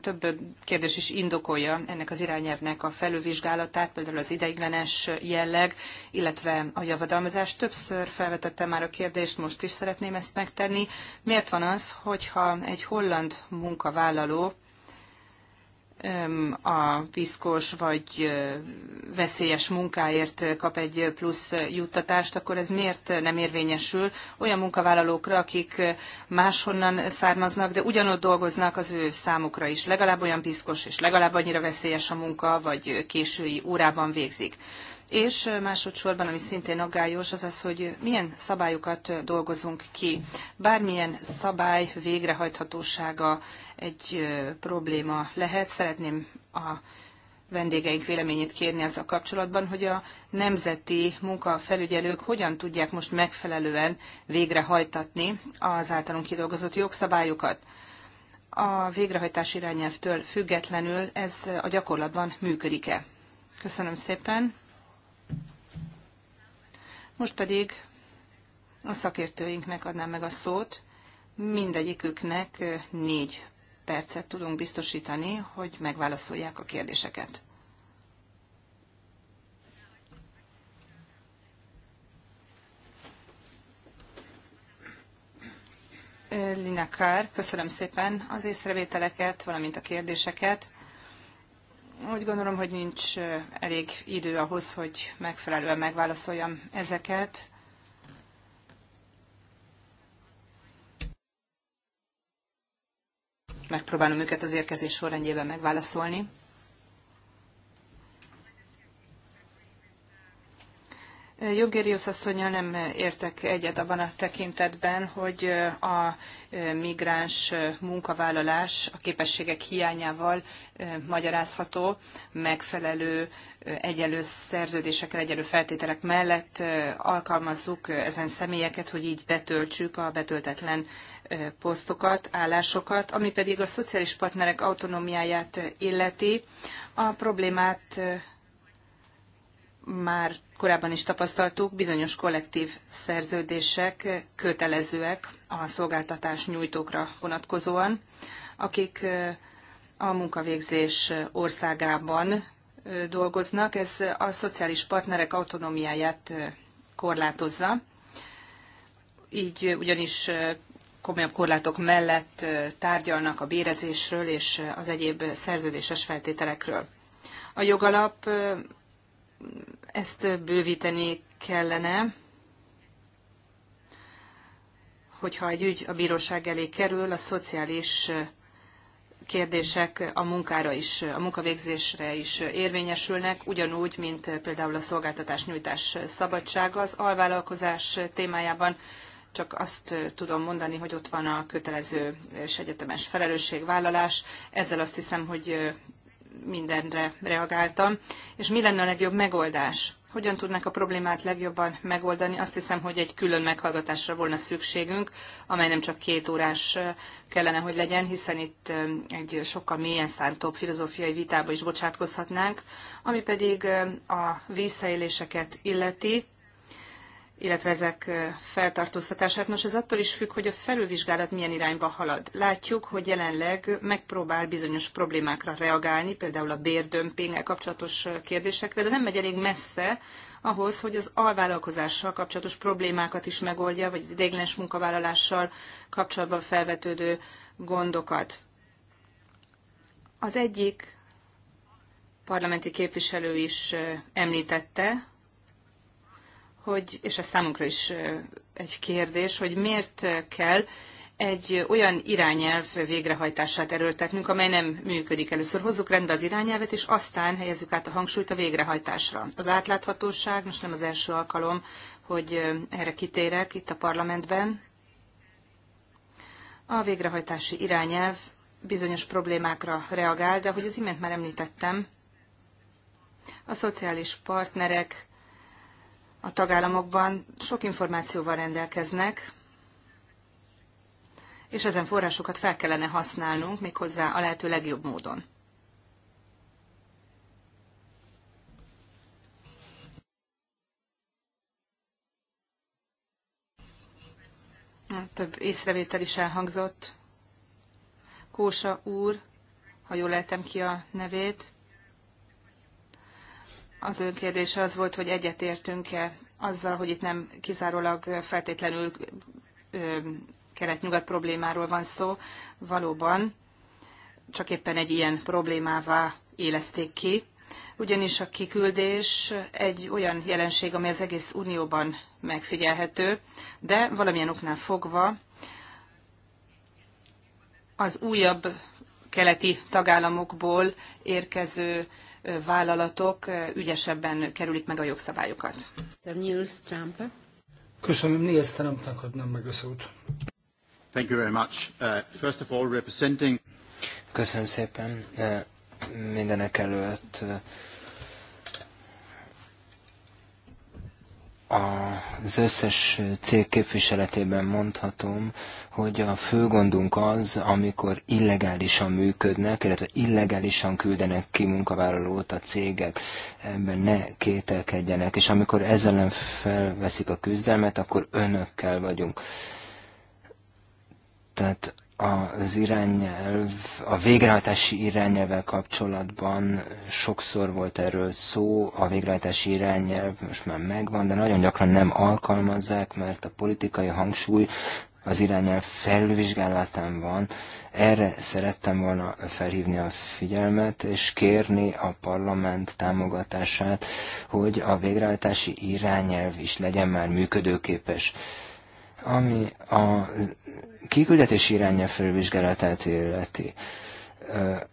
több kérdés is indokolja ennek az irányelvnek a felülvizsgálatát, például az ideiglenes jelleg, illetve a javadalmazás. Többször felvetettem már a kérdést, most is szeretném ezt megtenni. Miért van az, hogyha egy holland munkavállaló a piszkos vagy veszélyes munkáért kap egy plusz juttatást, akkor ez miért nem érvényesül olyan munkavállalókra, akik máshonnan származnak, de ugyanott dolgoznak az ő számukra is. Legalább olyan piszkos és legalább annyira veszélyes a munka, vagy késői órában végzik. És másodszorban, ami szintén aggályos, az az, hogy milyen szabályokat dolgozunk ki. Bármilyen szabály végrehajthatósága egy probléma lehet. Szeretném a vendégeink véleményét kérni ezzel kapcsolatban, hogy a nemzeti munkafelügyelők hogyan tudják most megfelelően végrehajtatni az általunk kidolgozott jogszabályokat. A végrehajtás irányelvtől függetlenül ez a gyakorlatban működik-e? Köszönöm szépen. Most pedig a szakértőinknek adnám meg a szót. Mindegyiküknek négy percet tudunk biztosítani, hogy megválaszolják a kérdéseket. Lina Kár, köszönöm szépen az észrevételeket, valamint a kérdéseket. Úgy gondolom, hogy nincs elég idő ahhoz, hogy megfelelően megválaszoljam ezeket. Megpróbálom őket az érkezés sorrendjében megválaszolni. Jogérius asszonyjal nem értek egyet abban a tekintetben, hogy a migráns munkavállalás a képességek hiányával magyarázható, megfelelő egyelő szerződésekkel, egyelő feltételek mellett alkalmazzuk ezen személyeket, hogy így betöltsük a betöltetlen posztokat, állásokat, ami pedig a szociális partnerek autonómiáját illeti. A problémát már korábban is tapasztaltuk, bizonyos kollektív szerződések kötelezőek a szolgáltatás nyújtókra vonatkozóan, akik a munkavégzés országában dolgoznak. Ez a szociális partnerek autonómiáját korlátozza. Így ugyanis komolyabb korlátok mellett tárgyalnak a bérezésről és az egyéb szerződéses feltételekről. A jogalap ezt bővíteni kellene, hogyha egy ügy a bíróság elé kerül, a szociális kérdések a munkára is, a munkavégzésre is érvényesülnek, ugyanúgy, mint például a szolgáltatás nyújtás szabadsága az alvállalkozás témájában. Csak azt tudom mondani, hogy ott van a kötelező és egyetemes felelősségvállalás. Ezzel azt hiszem, hogy mindenre reagáltam. És mi lenne a legjobb megoldás? Hogyan tudnak a problémát legjobban megoldani? Azt hiszem, hogy egy külön meghallgatásra volna szükségünk, amely nem csak két órás kellene, hogy legyen, hiszen itt egy sokkal mélyen szántóbb filozófiai vitába is bocsátkozhatnánk, ami pedig a visszaéléseket illeti illetve ezek feltartóztatását. Nos, ez attól is függ, hogy a felülvizsgálat milyen irányba halad. Látjuk, hogy jelenleg megpróbál bizonyos problémákra reagálni, például a bérdömpinggel kapcsolatos kérdésekre, de nem megy elég messze ahhoz, hogy az alvállalkozással kapcsolatos problémákat is megoldja, vagy az ideiglenes munkavállalással kapcsolatban felvetődő gondokat. Az egyik parlamenti képviselő is említette, hogy, és ez számunkra is egy kérdés, hogy miért kell egy olyan irányelv végrehajtását erőltetnünk, amely nem működik. Először hozzuk rendbe az irányelvet, és aztán helyezzük át a hangsúlyt a végrehajtásra. Az átláthatóság, most nem az első alkalom, hogy erre kitérek itt a parlamentben. A végrehajtási irányelv bizonyos problémákra reagál, de ahogy az imént már említettem, a szociális partnerek a tagállamokban sok információval rendelkeznek, és ezen forrásokat fel kellene használnunk méghozzá a lehető legjobb módon. Több észrevétel is elhangzott. Kósa úr, ha jól lehetem ki a nevét, az ön kérdése az volt, hogy egyetértünk-e azzal, hogy itt nem kizárólag feltétlenül kelet-nyugat problémáról van szó. Valóban csak éppen egy ilyen problémává élezték ki, ugyanis a kiküldés egy olyan jelenség, ami az egész Unióban megfigyelhető, de valamilyen oknál fogva az újabb keleti tagállamokból érkező vállalatok ügyesebben kerülik meg a jogszabályokat. Niels Trump. Köszönöm, Niels Trumpnak adnám meg a szót. Thank you very much. Uh, first of all, representing... Köszönöm szépen. Mindenek előtt az összes cég képviseletében mondhatom, hogy a fő gondunk az, amikor illegálisan működnek, illetve illegálisan küldenek ki munkavállalót a cégek, ebben ne kételkedjenek, és amikor ezzel nem felveszik a küzdelmet, akkor önökkel vagyunk. Tehát az irányelv, a végrehajtási irányelvvel kapcsolatban sokszor volt erről szó, a végrehajtási irányelv most már megvan, de nagyon gyakran nem alkalmazzák, mert a politikai hangsúly az irányelv felülvizsgálatán van. Erre szerettem volna felhívni a figyelmet, és kérni a parlament támogatását, hogy a végrehajtási irányelv is legyen már működőképes. Ami a kiküldetés irányja felülvizsgálatát illeti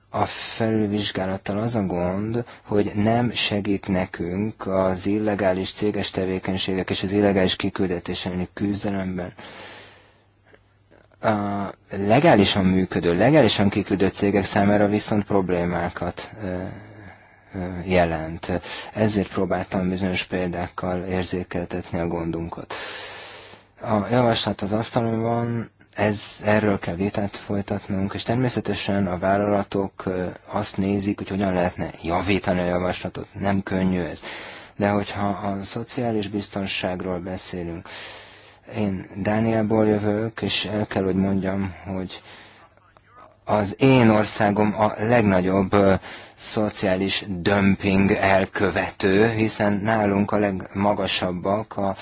a felülvizsgálattal az a gond, hogy nem segít nekünk az illegális céges tevékenységek és az illegális kiküldetés elleni küzdelemben. A legálisan működő, legálisan kiküldött cégek számára viszont problémákat jelent. Ezért próbáltam bizonyos példákkal érzékeltetni a gondunkat. A javaslat az asztalon van, ez, erről kell vétát folytatnunk, és természetesen a vállalatok azt nézik, hogy hogyan lehetne javítani a javaslatot. Nem könnyű ez. De hogyha a szociális biztonságról beszélünk, én Dániából jövök, és el kell, hogy mondjam, hogy az én országom a legnagyobb szociális dömping elkövető, hiszen nálunk a legmagasabbak a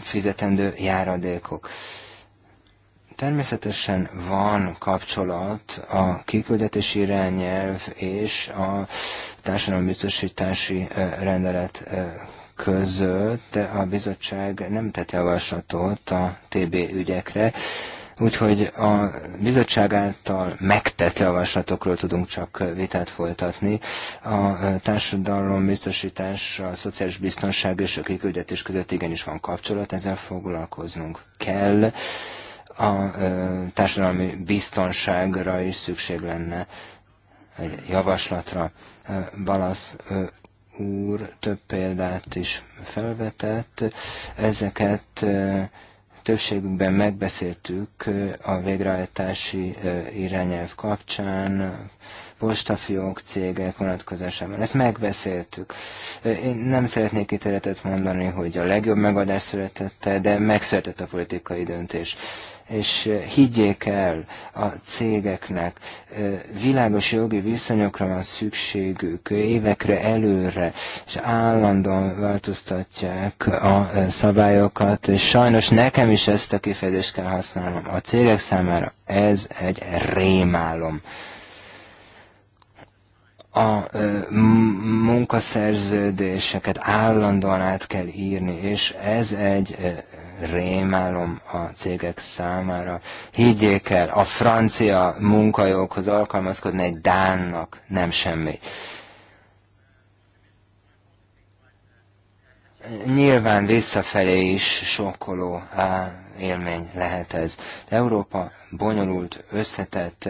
fizetendő járadékok. Természetesen van kapcsolat a kiküldetési irányelv és a társadalmi biztosítási rendelet között, de a bizottság nem tett javaslatot a TB ügyekre, úgyhogy a bizottság által megtett javaslatokról tudunk csak vitát folytatni. A biztosítás, a szociális biztonság és a kiküldetés között igenis van kapcsolat, ezzel foglalkoznunk kell a társadalmi biztonságra is szükség lenne egy javaslatra. Balasz úr több példát is felvetett. Ezeket többségükben megbeszéltük a végrehajtási irányelv kapcsán, postafiók, cégek vonatkozásában. Ezt megbeszéltük. Én nem szeretnék ítéletet mondani, hogy a legjobb megoldás született, de megszületett a politikai döntés és eh, higgyék el a cégeknek, eh, világos jogi viszonyokra van szükségük évekre előre, és állandóan változtatják a eh, szabályokat, és sajnos nekem is ezt a kifejezést kell használnom. A cégek számára ez egy rémálom a munkaszerződéseket állandóan át kell írni, és ez egy rémálom a cégek számára. Higgyék el, a francia munkajoghoz alkalmazkodni egy Dánnak nem semmi. Nyilván visszafelé is sokkoló á, élmény lehet ez. Európa bonyolult, összetett,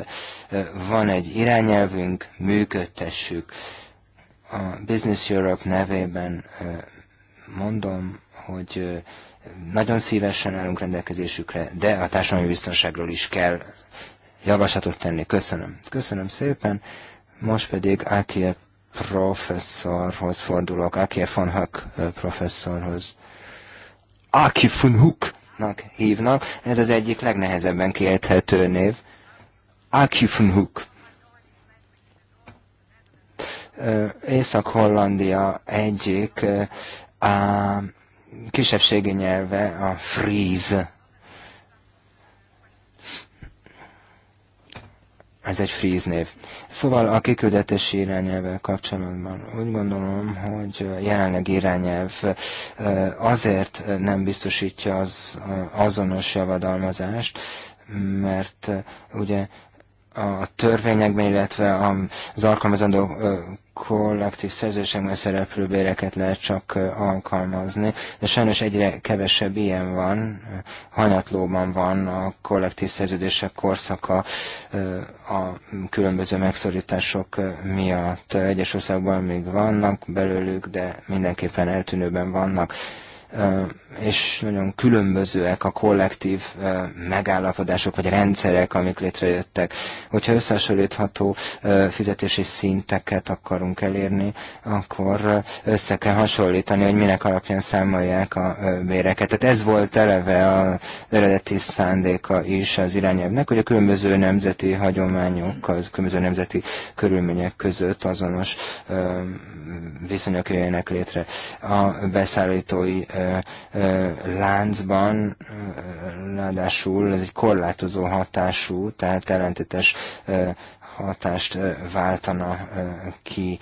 van egy irányelvünk, működtessük. A Business Europe nevében mondom, hogy nagyon szívesen állunk rendelkezésükre, de a társadalmi biztonságról is kell javaslatot tenni. Köszönöm. Köszönöm szépen. Most pedig Akie professzorhoz fordulok, Akie von Huck professzorhoz. Aki von Hucknak hívnak, ez az egyik legnehezebben kiejthető név. Aki von Huck. Észak-Hollandia egyik a kisebbségi nyelve a fríz. Ez egy fríz név. Szóval a kiküldetési irányelvvel kapcsolatban úgy gondolom, hogy jelenleg irányelv azért nem biztosítja az azonos javadalmazást, mert ugye a törvényekben, illetve az alkalmazandó kollektív szerződésekben szereplő béreket lehet csak alkalmazni, de sajnos egyre kevesebb ilyen van, hanyatlóban van a kollektív szerződések korszaka a különböző megszorítások miatt. Egyes országban még vannak belőlük, de mindenképpen eltűnőben vannak és nagyon különbözőek a kollektív megállapodások vagy rendszerek, amik létrejöttek. Hogyha összehasonlítható fizetési szinteket akarunk elérni, akkor össze kell hasonlítani, hogy minek alapján számolják a béreket. Tehát ez volt eleve az eredeti szándéka is az irányelvnek, hogy a különböző nemzeti hagyományok, a különböző nemzeti körülmények között azonos viszonyok jöjjenek létre. A beszállítói láncban, ráadásul ez egy korlátozó hatású, tehát ellentétes hatást váltana ki,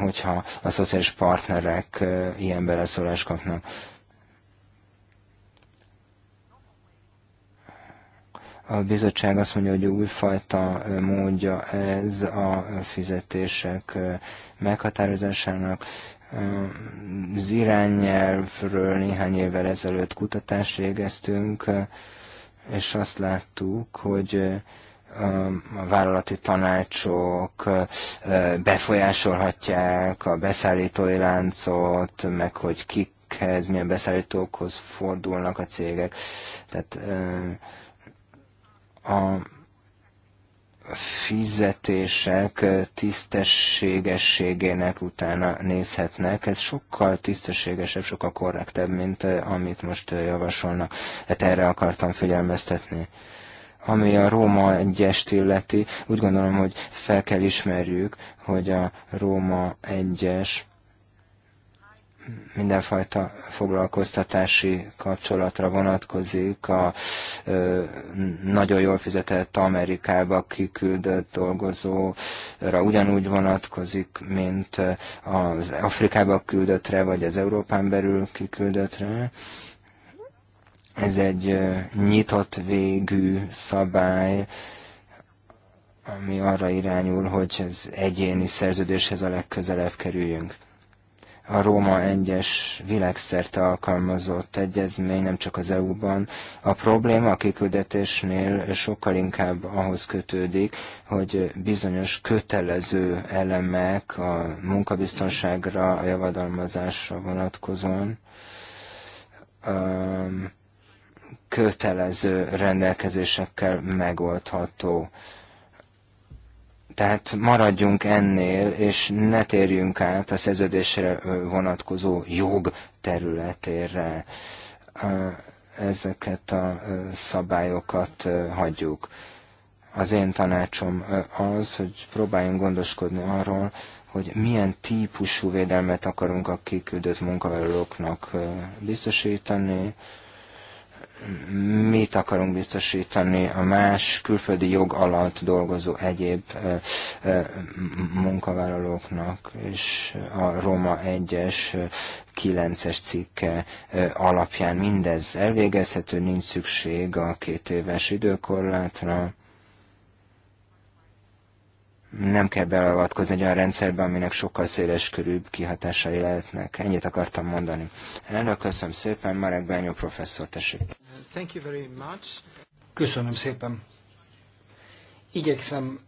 hogyha a szociális partnerek ilyen beleszólást kapnak. a bizottság azt mondja, hogy újfajta módja ez a fizetések meghatározásának. Az irányelvről néhány évvel ezelőtt kutatást végeztünk, és azt láttuk, hogy a vállalati tanácsok befolyásolhatják a beszállítói láncot, meg hogy kikhez, milyen beszállítókhoz fordulnak a cégek. Tehát a fizetések tisztességességének utána nézhetnek. Ez sokkal tisztességesebb, sokkal korrektebb, mint eh, amit most eh, javasolnak. Hát erre akartam figyelmeztetni. Ami a Róma egyest illeti, úgy gondolom, hogy fel kell ismerjük, hogy a Róma egyes mindenfajta foglalkoztatási kapcsolatra vonatkozik a ö, nagyon jól fizetett Amerikába kiküldött dolgozóra ugyanúgy vonatkozik, mint az Afrikába küldöttre, vagy az Európán belül kiküldöttre. Ez egy ö, nyitott végű szabály, ami arra irányul, hogy az egyéni szerződéshez a legközelebb kerüljünk a Róma Egyes világszerte alkalmazott egyezmény, nem csak az EU-ban. A probléma a kiküldetésnél sokkal inkább ahhoz kötődik, hogy bizonyos kötelező elemek a munkabiztonságra, a javadalmazásra vonatkozóan kötelező rendelkezésekkel megoldható tehát maradjunk ennél, és ne térjünk át a szerződésre vonatkozó jog területére. Ezeket a szabályokat hagyjuk. Az én tanácsom az, hogy próbáljunk gondoskodni arról, hogy milyen típusú védelmet akarunk a kiküldött munkavállalóknak biztosítani, mit akarunk biztosítani a más külföldi jog alatt dolgozó egyéb munkavállalóknak, és a Roma 1-es 9-es cikke alapján mindez elvégezhető, nincs szükség a két éves időkorlátra nem kell beavatkozni egy olyan rendszerbe, aminek sokkal széles körűbb kihatásai lehetnek. Ennyit akartam mondani. Elnök, köszönöm szépen, Marek Bányó professzor, tessék. Thank you very much. Köszönöm szépen. Igyekszem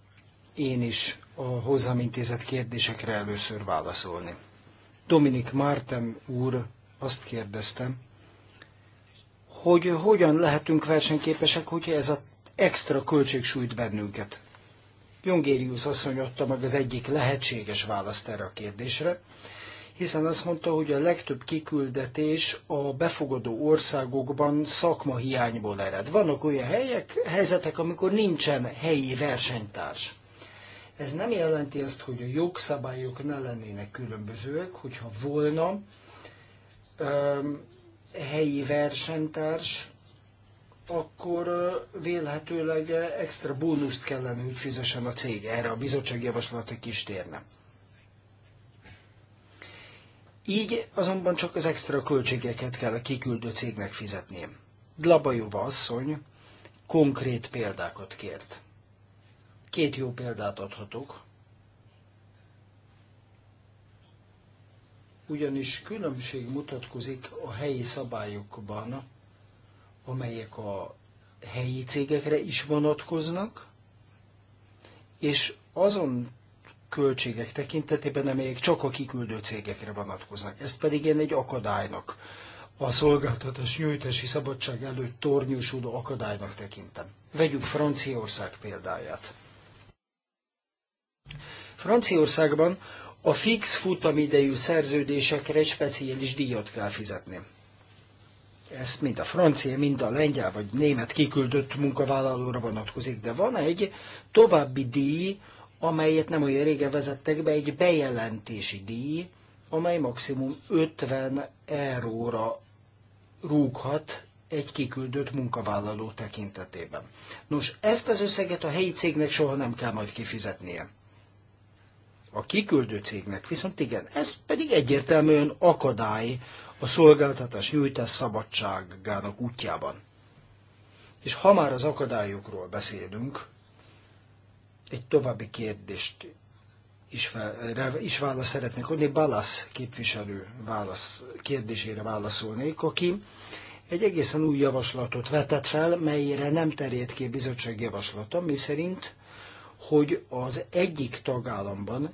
én is a hozzám intézett kérdésekre először válaszolni. Dominik Márten úr azt kérdezte, hogy hogyan lehetünk versenyképesek, hogyha ez az extra költség sújt bennünket. Jongérius asszony adta meg az egyik lehetséges választ erre a kérdésre, hiszen azt mondta, hogy a legtöbb kiküldetés a befogadó országokban szakmahiányból ered. Vannak olyan helyek, helyzetek, amikor nincsen helyi versenytárs. Ez nem jelenti azt, hogy a jogszabályok ne lennének különbözőek, hogyha volna öm, helyi versenytárs, akkor vélhetőleg extra bónuszt kellene, hogy fizessen a cég. Erre a bizottság javaslata is térne. Így azonban csak az extra költségeket kell a kiküldő cégnek fizetnie. Dlabajova asszony konkrét példákat kért. Két jó példát adhatok. Ugyanis különbség mutatkozik a helyi szabályokban, amelyek a helyi cégekre is vonatkoznak, és azon költségek tekintetében, amelyek csak a kiküldő cégekre vonatkoznak. Ezt pedig én egy akadálynak, a szolgáltatás nyújtási szabadság előtt tornyúsodó akadálynak tekintem. Vegyük Franciaország példáját. Franciaországban a fix futamidejű szerződésekre egy speciális díjat kell fizetni. Ez mind a francia, mind a lengyel vagy német kiküldött munkavállalóra vonatkozik, de van egy további díj, amelyet nem olyan régen vezettek be, egy bejelentési díj, amely maximum 50 euróra rúghat egy kiküldött munkavállaló tekintetében. Nos, ezt az összeget a helyi cégnek soha nem kell majd kifizetnie. A kiküldő cégnek viszont igen, ez pedig egyértelműen akadály a szolgáltatás nyújtás szabadságának útjában. És ha már az akadályokról beszélünk, egy további kérdést is, fel, is válasz szeretnék adni. Balasz képviselő válasz, kérdésére válaszolnék, aki egy egészen új javaslatot vetett fel, melyre nem terjed ki a bizottság javaslata, miszerint, hogy az egyik tagállamban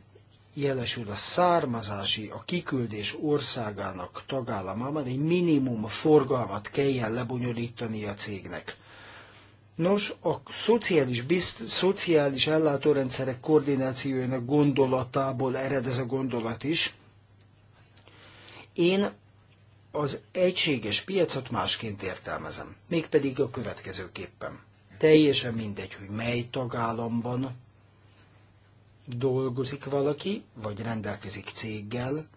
jelesül a származási, a kiküldés országának tagállamában egy minimum forgalmat kelljen lebonyolítani a cégnek. Nos, a szociális, bizt, szociális ellátórendszerek koordinációjának gondolatából ered ez a gondolat is. Én az egységes piacot másként értelmezem, mégpedig a következőképpen. Teljesen mindegy, hogy mely tagállamban dolgozik valaki, vagy rendelkezik céggel,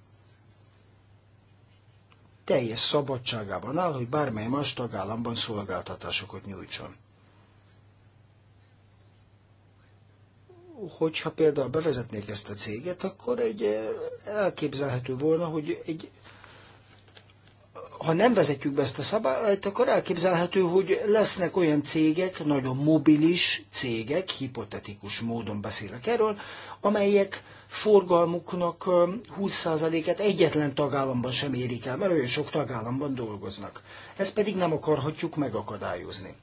teljes szabadságában áll, hogy bármely más tagállamban szolgáltatásokat nyújtson. hogyha például bevezetnék ezt a céget, akkor egy eh, elképzelhető volna, hogy egy ha nem vezetjük be ezt a szabályt, akkor elképzelhető, hogy lesznek olyan cégek, nagyon mobilis cégek, hipotetikus módon beszélek erről, amelyek forgalmuknak 20%-et eh, egyetlen tagállamban sem érik el, mert olyan sok tagállamban dolgoznak. Ezt pedig nem akarhatjuk megakadályozni.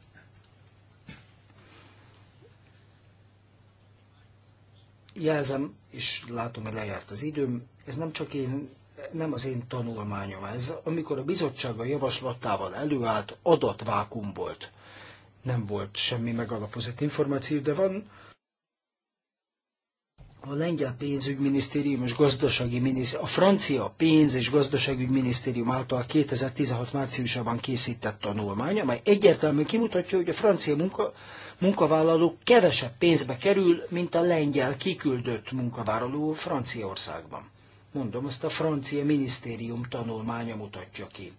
Jelzem, és látom, hogy lejárt az időm, ez nem csak én, nem az én tanulmányom ez. Amikor a bizottság a javaslatával előállt, adatvákum volt. Nem volt semmi megalapozott információ, de van a lengyel pénzügyminisztérium és gazdasági minisztérium, a francia pénz és gazdaságügyminisztérium által 2016 márciusában készített tanulmány, amely egyértelműen kimutatja, hogy a francia munka, munkavállaló kevesebb pénzbe kerül, mint a lengyel kiküldött munkavállaló Franciaországban. Mondom, azt a francia minisztérium tanulmánya mutatja ki.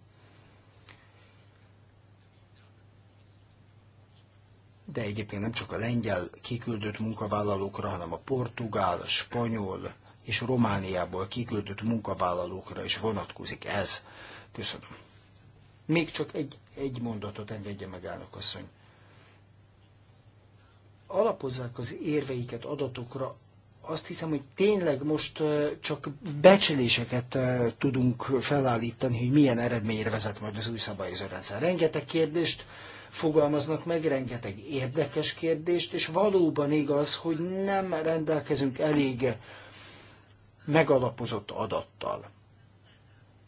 de egyébként nem csak a lengyel kiküldött munkavállalókra, hanem a portugál, a spanyol és Romániából kiküldött munkavállalókra is vonatkozik ez. Köszönöm. Még csak egy, egy mondatot engedje meg, elnök asszony. Alapozzák az érveiket adatokra, azt hiszem, hogy tényleg most csak becsléseket tudunk felállítani, hogy milyen eredményre vezet majd az új szabályozó rendszer. Rengeteg kérdést fogalmaznak meg rengeteg érdekes kérdést, és valóban igaz, hogy nem rendelkezünk elég megalapozott adattal.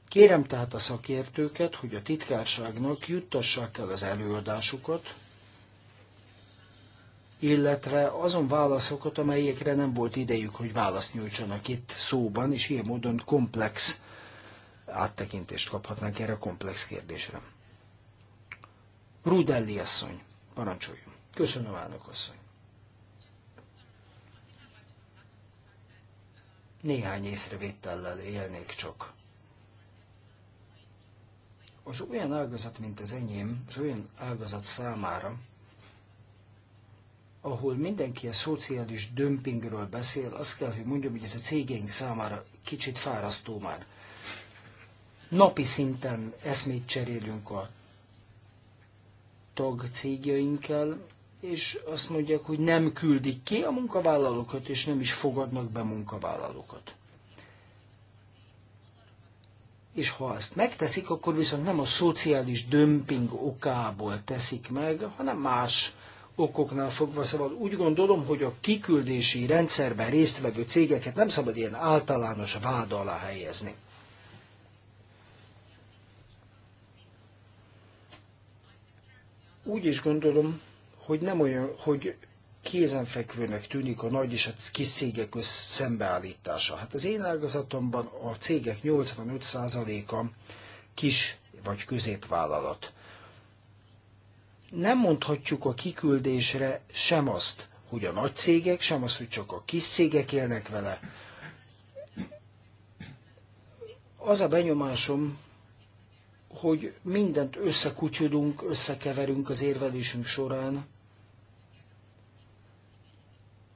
Kérem tehát a szakértőket, hogy a titkárságnak juttassák el az előadásukat, illetve azon válaszokat, amelyekre nem volt idejük, hogy választ nyújtsanak itt szóban, és ilyen módon komplex áttekintést kaphatnánk erre a komplex kérdésre. Rudelli asszony, parancsoljon. Köszönöm, elnök asszony. Néhány észrevétellel élnék csak. Az olyan ágazat, mint az enyém, az olyan ágazat számára, ahol mindenki a szociális dömpingről beszél, azt kell, hogy mondjam, hogy ez a cégénk számára kicsit fárasztó már. Napi szinten eszmét cserélünk a tag cégjeinkkel, és azt mondják, hogy nem küldik ki a munkavállalókat, és nem is fogadnak be munkavállalókat. És ha ezt megteszik, akkor viszont nem a szociális dömping okából teszik meg, hanem más okoknál fogva. Szóval úgy gondolom, hogy a kiküldési rendszerben résztvevő cégeket nem szabad ilyen általános vád alá helyezni. úgy is gondolom, hogy nem olyan, hogy kézenfekvőnek tűnik a nagy és a kis cégek szembeállítása. Hát az én ágazatomban a cégek 85%-a kis vagy középvállalat. Nem mondhatjuk a kiküldésre sem azt, hogy a nagy cégek, sem azt, hogy csak a kis cégek élnek vele. Az a benyomásom, hogy mindent összekutyudunk, összekeverünk az érvelésünk során.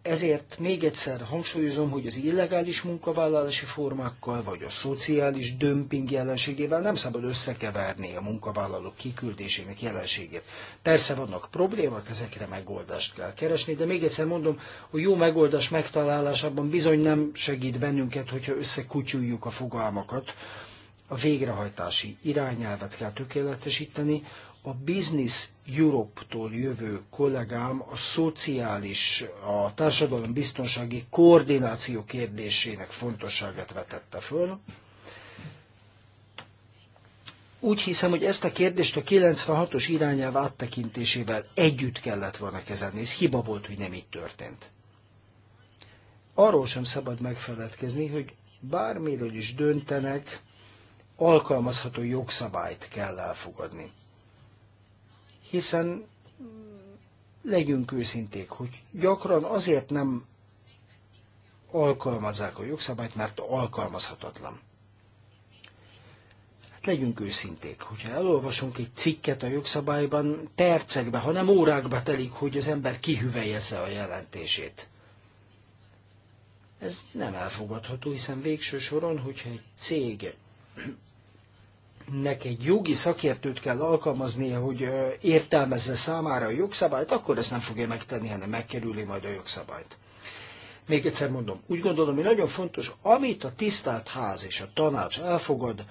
Ezért még egyszer hangsúlyozom, hogy az illegális munkavállalási formákkal vagy a szociális dömping jelenségével nem szabad összekeverni a munkavállalók kiküldésének jelenségét. Persze vannak problémák, ezekre megoldást kell keresni, de még egyszer mondom, a jó megoldás megtalálásában bizony nem segít bennünket, hogyha összekutyuljuk a fogalmakat a végrehajtási irányelvet kell tökéletesíteni. A Business Europe-tól jövő kollégám a szociális, a társadalom biztonsági koordináció kérdésének fontosságát vetette föl. Úgy hiszem, hogy ezt a kérdést a 96-os irányelv áttekintésével együtt kellett volna kezelni. Ez hiba volt, hogy nem így történt. Arról sem szabad megfeledkezni, hogy bármiről is döntenek, alkalmazható jogszabályt kell elfogadni. Hiszen legyünk őszinték, hogy gyakran azért nem alkalmazzák a jogszabályt, mert alkalmazhatatlan. Hát legyünk őszinték, hogyha elolvasunk egy cikket a jogszabályban, percekbe, ha nem órákba telik, hogy az ember kihüvelyezze a jelentését. Ez nem elfogadható, hiszen végső soron, hogyha egy cég nek egy jogi szakértőt kell alkalmaznia, hogy értelmezze számára a jogszabályt, akkor ezt nem fogja megtenni, hanem megkerüli majd a jogszabályt. Még egyszer mondom, úgy gondolom, hogy nagyon fontos, amit a tisztelt ház és a tanács elfogad,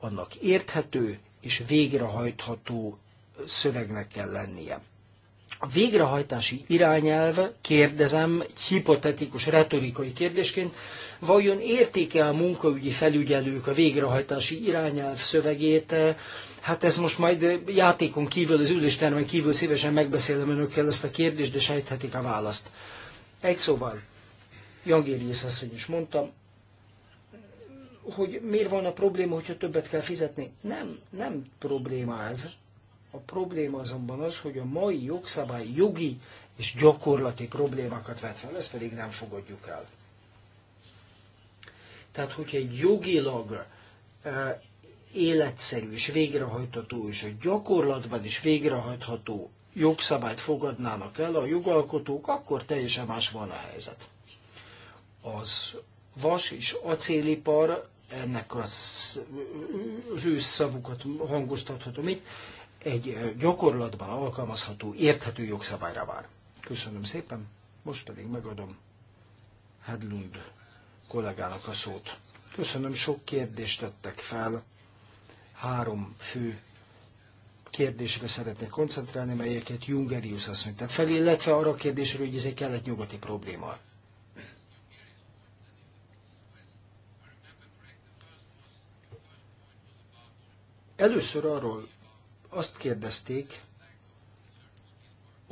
annak érthető és végrehajtható szövegnek kell lennie a végrehajtási irányelv, kérdezem, egy hipotetikus retorikai kérdésként, vajon értéke a munkaügyi felügyelők a végrehajtási irányelv szövegét? Hát ez most majd játékon kívül, az üléstermen kívül szívesen megbeszélem önökkel ezt a kérdést, de sejthetik a választ. Egy szóval, Jagéri asszony is mondtam, hogy miért van a probléma, hogyha többet kell fizetni? Nem, nem probléma ez. A probléma azonban az, hogy a mai jogszabály jogi és gyakorlati problémákat vet fel, ezt pedig nem fogadjuk el. Tehát, hogyha egy jogilag e, életszerű és végrehajtható, és a gyakorlatban is végrehajtható jogszabályt fogadnának el a jogalkotók, akkor teljesen más van a helyzet. Az vas és acélipar, ennek az, az szavukat hangoztathatom itt, egy gyakorlatban alkalmazható, érthető jogszabályra vár. Köszönöm szépen, most pedig megadom Hedlund kollégának a szót. Köszönöm, sok kérdést tettek fel. Három fő kérdésre szeretnék koncentrálni, melyeket Jungerius asszony tett fel, illetve arra a kérdésre, hogy ez egy kelet-nyugati probléma. Először arról azt kérdezték,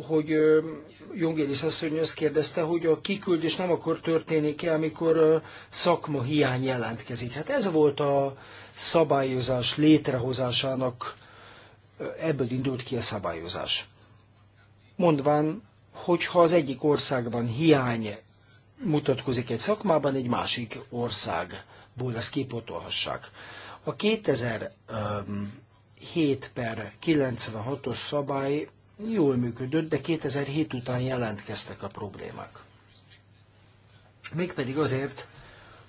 hogy Jongélis asszony azt kérdezte, hogy a kiküldés nem akkor történik el, amikor szakma hiány jelentkezik. Hát ez volt a szabályozás létrehozásának, ebből indult ki a szabályozás. Mondván, hogyha az egyik országban hiány mutatkozik egy szakmában, egy másik országból ezt kipotolhassák. A 2000 um, 7 per 96-os szabály jól működött, de 2007 után jelentkeztek a problémák. Mégpedig azért,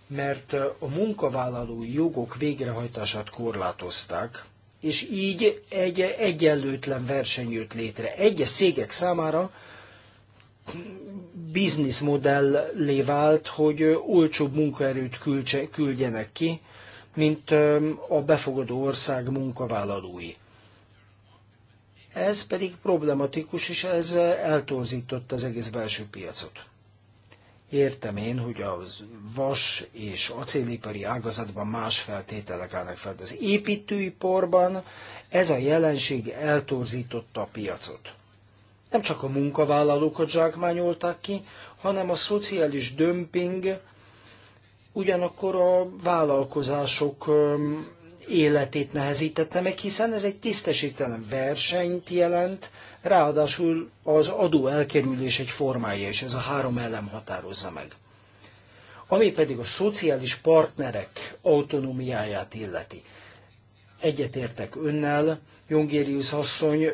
mert a munkavállalói jogok végrehajtását korlátozták, és így egy egyenlőtlen verseny jött létre. Egyes szégek számára bizniszmodellé vált, hogy olcsóbb munkaerőt küldjenek ki, mint a befogadó ország munkavállalói. Ez pedig problematikus, és ez eltorzította az egész belső piacot. Értem én, hogy a vas és acélipari ágazatban más feltételek állnak fel, az építőiparban ez a jelenség eltorzította a piacot. Nem csak a munkavállalókat zsákmányolták ki, hanem a szociális dömping ugyanakkor a vállalkozások életét nehezítette meg, hiszen ez egy tisztesítelen versenyt jelent, ráadásul az adó elkerülés egy formája, és ez a három elem határozza meg. Ami pedig a szociális partnerek autonómiáját illeti. Egyetértek önnel, Jongérius asszony,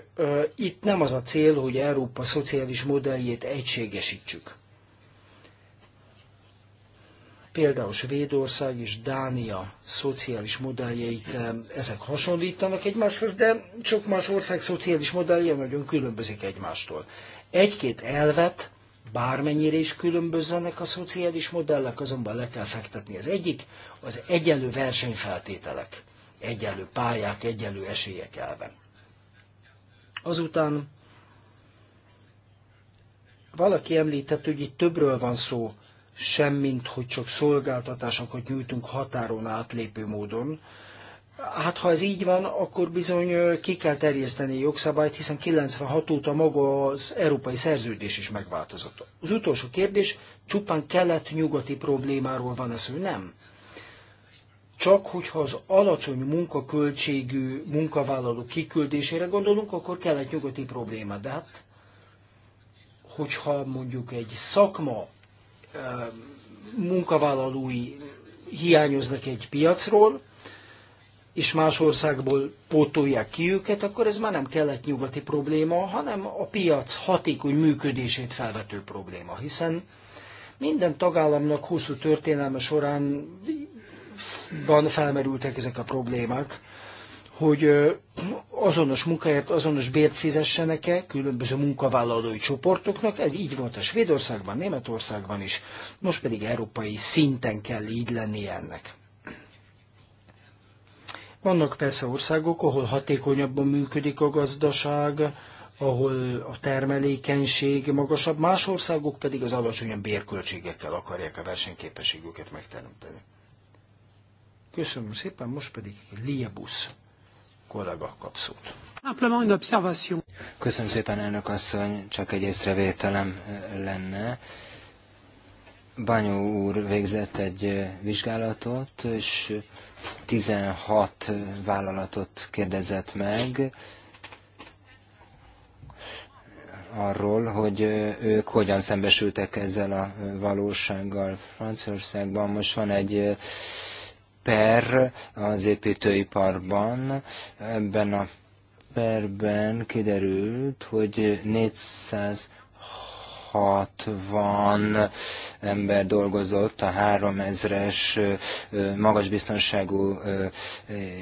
itt nem az a cél, hogy Európa szociális modelljét egységesítsük. Például Svédország és Dánia szociális modelljeik, ezek hasonlítanak egymáshoz, de sok más ország szociális modellje nagyon különbözik egymástól. Egy-két elvet, bármennyire is különbözzenek a szociális modellek, azonban le kell fektetni. Az egyik az egyenlő versenyfeltételek, egyenlő pályák, egyenlő esélyek elve. Azután valaki említett, hogy itt többről van szó, semmint hogy csak szolgáltatásokat nyújtunk határon átlépő módon. Hát ha ez így van, akkor bizony ki kell terjeszteni a jogszabályt, hiszen 96 óta maga az európai szerződés is megváltozott. Az utolsó kérdés, csupán kelet-nyugati problémáról van ez, hogy nem. Csak hogyha az alacsony munkaköltségű munkavállaló kiküldésére gondolunk, akkor kelet-nyugati probléma. De hát, hogyha mondjuk egy szakma munkavállalói hiányoznak egy piacról, és más országból pótolják ki őket, akkor ez már nem kelet-nyugati probléma, hanem a piac hatékony működését felvető probléma, hiszen minden tagállamnak hosszú történelme során van felmerültek ezek a problémák, hogy azonos munkáért azonos bért fizessenek-e különböző munkavállalói csoportoknak. Ez így volt a Svédországban, Németországban is, most pedig európai szinten kell így lenni ennek. Vannak persze országok, ahol hatékonyabban működik a gazdaság, ahol a termelékenység magasabb, más országok pedig az alacsonyabb bérköltségekkel akarják a versenyképességüket megteremteni. Köszönöm szépen, most pedig Liebusz kollega kap szót. Köszönöm szépen, elnök asszony, csak egy észrevételem eh, lenne. Banyó úr végzett egy eh, vizsgálatot, és 16 eh, vállalatot kérdezett meg arról, hogy ők hogyan szembesültek ezzel a valósággal Franciaországban. Most van egy per az építőiparban. Ebben a perben kiderült, hogy 400 60 ember dolgozott a 3000-es magas biztonságú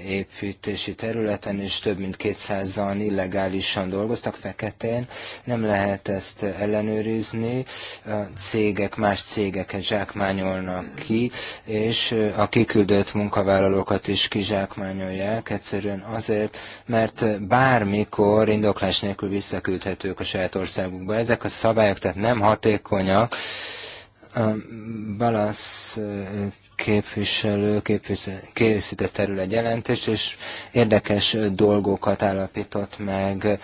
építési területen, és több mint 200-an illegálisan dolgoztak feketén. Nem lehet ezt ellenőrizni, a cégek más cégeket zsákmányolnak ki, és a kiküldött munkavállalókat is kizsákmányolják, egyszerűen azért, mert bármikor indoklás nélkül visszaküldhetők a saját országukba. Ezek a szabályok tehát nem hatékonyak. Balasz képviselő készített erről egy jelentést, és érdekes dolgokat állapított meg.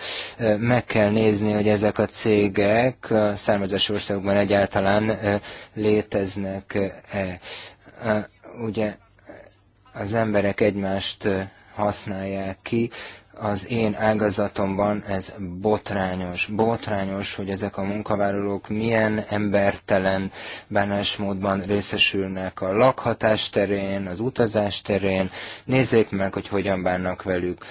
Meg kell nézni, hogy ezek a cégek a származási országokban egyáltalán léteznek-e. Ugye az emberek egymást használják ki, az én ágazatomban ez botrányos. Botrányos, hogy ezek a munkavállalók milyen embertelen bánásmódban részesülnek a lakhatás terén, az utazás terén. Nézzék meg, hogy hogyan bánnak velük.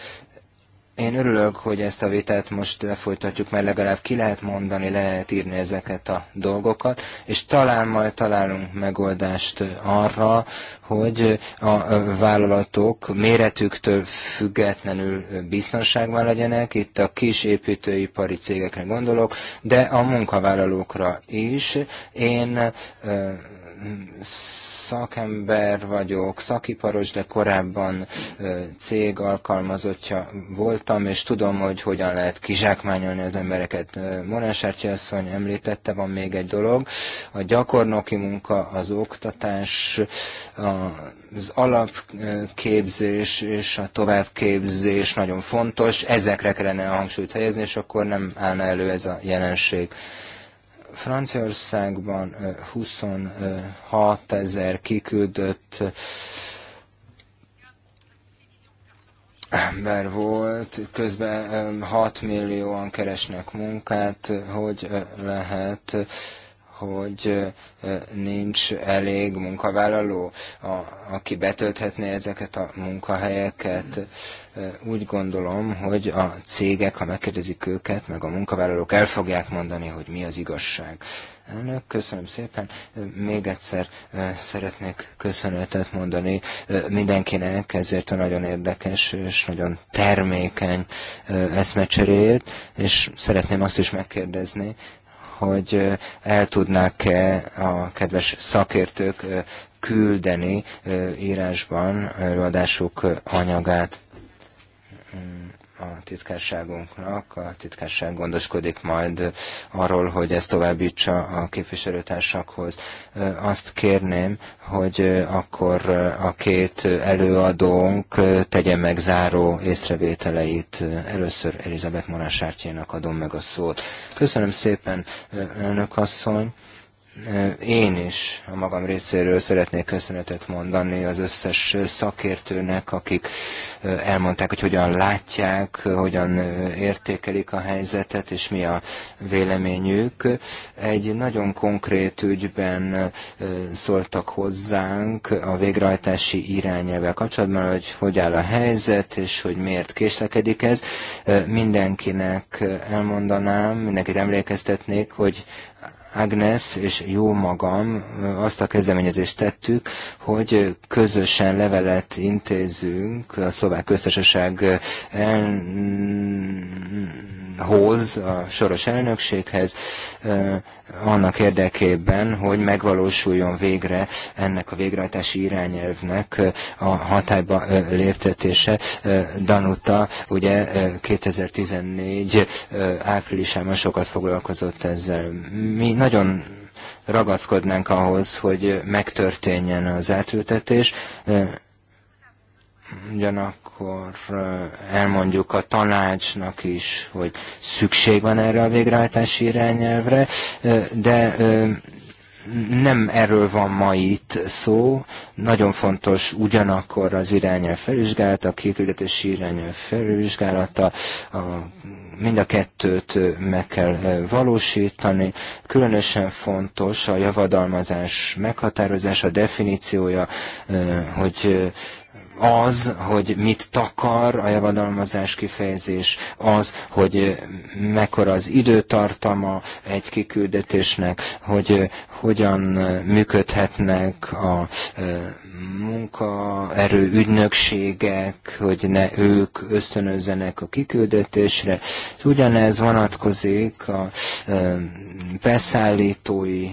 Én örülök, hogy ezt a vitát most lefolytatjuk, mert legalább ki lehet mondani, le lehet írni ezeket a dolgokat, és talán majd találunk megoldást arra, hogy a vállalatok méretüktől függetlenül biztonságban legyenek, itt a kis építőipari cégekre gondolok, de a munkavállalókra is. Én szakember vagyok, szakiparos, de korábban cég alkalmazottja voltam, és tudom, hogy hogyan lehet kizsákmányolni az embereket. Morán asszony említette, van még egy dolog, a gyakornoki munka, az oktatás, az alapképzés és a továbbképzés nagyon fontos, ezekre kellene a hangsúlyt helyezni, és akkor nem állna elő ez a jelenség. Franciaországban 26 ezer kiküldött ember volt, közben 6 millióan keresnek munkát, hogy lehet hogy nincs elég munkavállaló, a, aki betölthetné ezeket a munkahelyeket. Úgy gondolom, hogy a cégek, ha megkérdezik őket, meg a munkavállalók el fogják mondani, hogy mi az igazság. Elnök, köszönöm szépen. Még egyszer szeretnék köszönetet mondani mindenkinek ezért a nagyon érdekes és nagyon termékeny eszmecseréért, és szeretném azt is megkérdezni, hogy el tudnák-e a kedves szakértők küldeni írásban előadásuk anyagát a titkárságunknak. A titkárság gondoskodik majd arról, hogy ezt továbbítsa a képviselőtársakhoz. Azt kérném, hogy akkor a két előadónk tegye meg záró észrevételeit. Először Elizabeth Morán adom meg a szót. Köszönöm szépen, elnök asszony. Én is a magam részéről szeretnék köszönetet mondani az összes szakértőnek, akik elmondták, hogy hogyan látják, hogyan értékelik a helyzetet, és mi a véleményük. Egy nagyon konkrét ügyben szóltak hozzánk a végrehajtási irányelvel kapcsolatban, hogy hogy áll a helyzet, és hogy miért késlekedik ez. Mindenkinek elmondanám, mindenkit emlékeztetnék, hogy Agnes és jó magam azt a kezdeményezést tettük, hogy közösen levelet intézünk a szlovák köztársaság el hoz, a soros elnökséghez, annak érdekében, hogy megvalósuljon végre ennek a végrehajtási irányelvnek a hatályba léptetése. Danuta ugye 2014 áprilisában sokat foglalkozott ezzel. Mi nagyon ragaszkodnánk ahhoz, hogy megtörténjen az átültetés, ugyanakkor elmondjuk a tanácsnak is, hogy szükség van erre a végrehajtási irányelvre, de nem erről van ma itt szó, nagyon fontos ugyanakkor az irányelv felvizsgálata, a kiküldetési irányelv felvizsgálata, a, mind a kettőt meg kell valósítani. Különösen fontos a javadalmazás meghatározása, definíciója, hogy az, hogy mit takar a javadalmazás kifejezés, az, hogy mekkora az időtartama egy kiküldetésnek, hogy hogyan működhetnek a munkaerő ügynökségek, hogy ne ők ösztönözzenek a kiküldetésre, ugyanez vonatkozik a beszállítói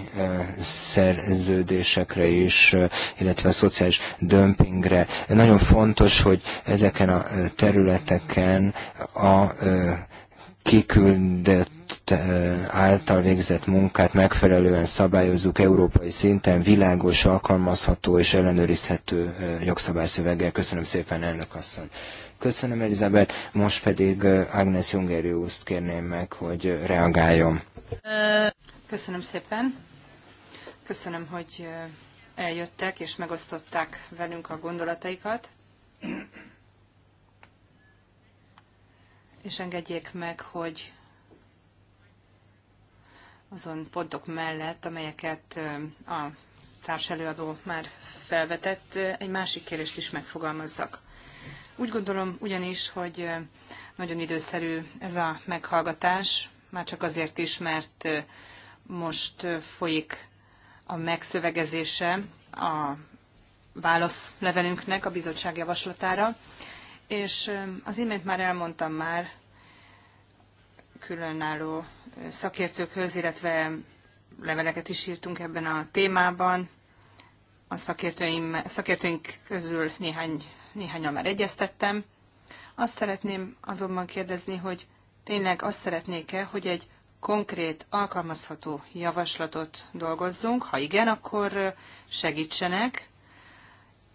szerződésekre is, illetve a szociális dömpingre. Nagyon fontos, hogy ezeken a területeken a kiküldött által végzett munkát megfelelően szabályozzuk európai szinten világos, alkalmazható és ellenőrizhető jogszabályszöveggel. Köszönöm szépen, elnök asszony. Köszönöm, Elizabeth. Most pedig Agnes Jungeriuszt kérném meg, hogy reagáljon. Köszönöm szépen. Köszönöm, hogy eljöttek és megosztották velünk a gondolataikat. És engedjék meg, hogy azon pontok mellett, amelyeket a társelőadó már felvetett, egy másik kérést is megfogalmazzak. Úgy gondolom ugyanis, hogy nagyon időszerű ez a meghallgatás, már csak azért is, mert most folyik a megszövegezése a válaszlevelünknek a bizottság javaslatára, és az imént már elmondtam már különálló szakértőkhöz, illetve leveleket is írtunk ebben a témában. A szakértőim, szakértőink közül néhány, néhányan már egyeztettem. Azt szeretném azonban kérdezni, hogy tényleg azt szeretnék-e, hogy egy konkrét, alkalmazható javaslatot dolgozzunk. Ha igen, akkor segítsenek,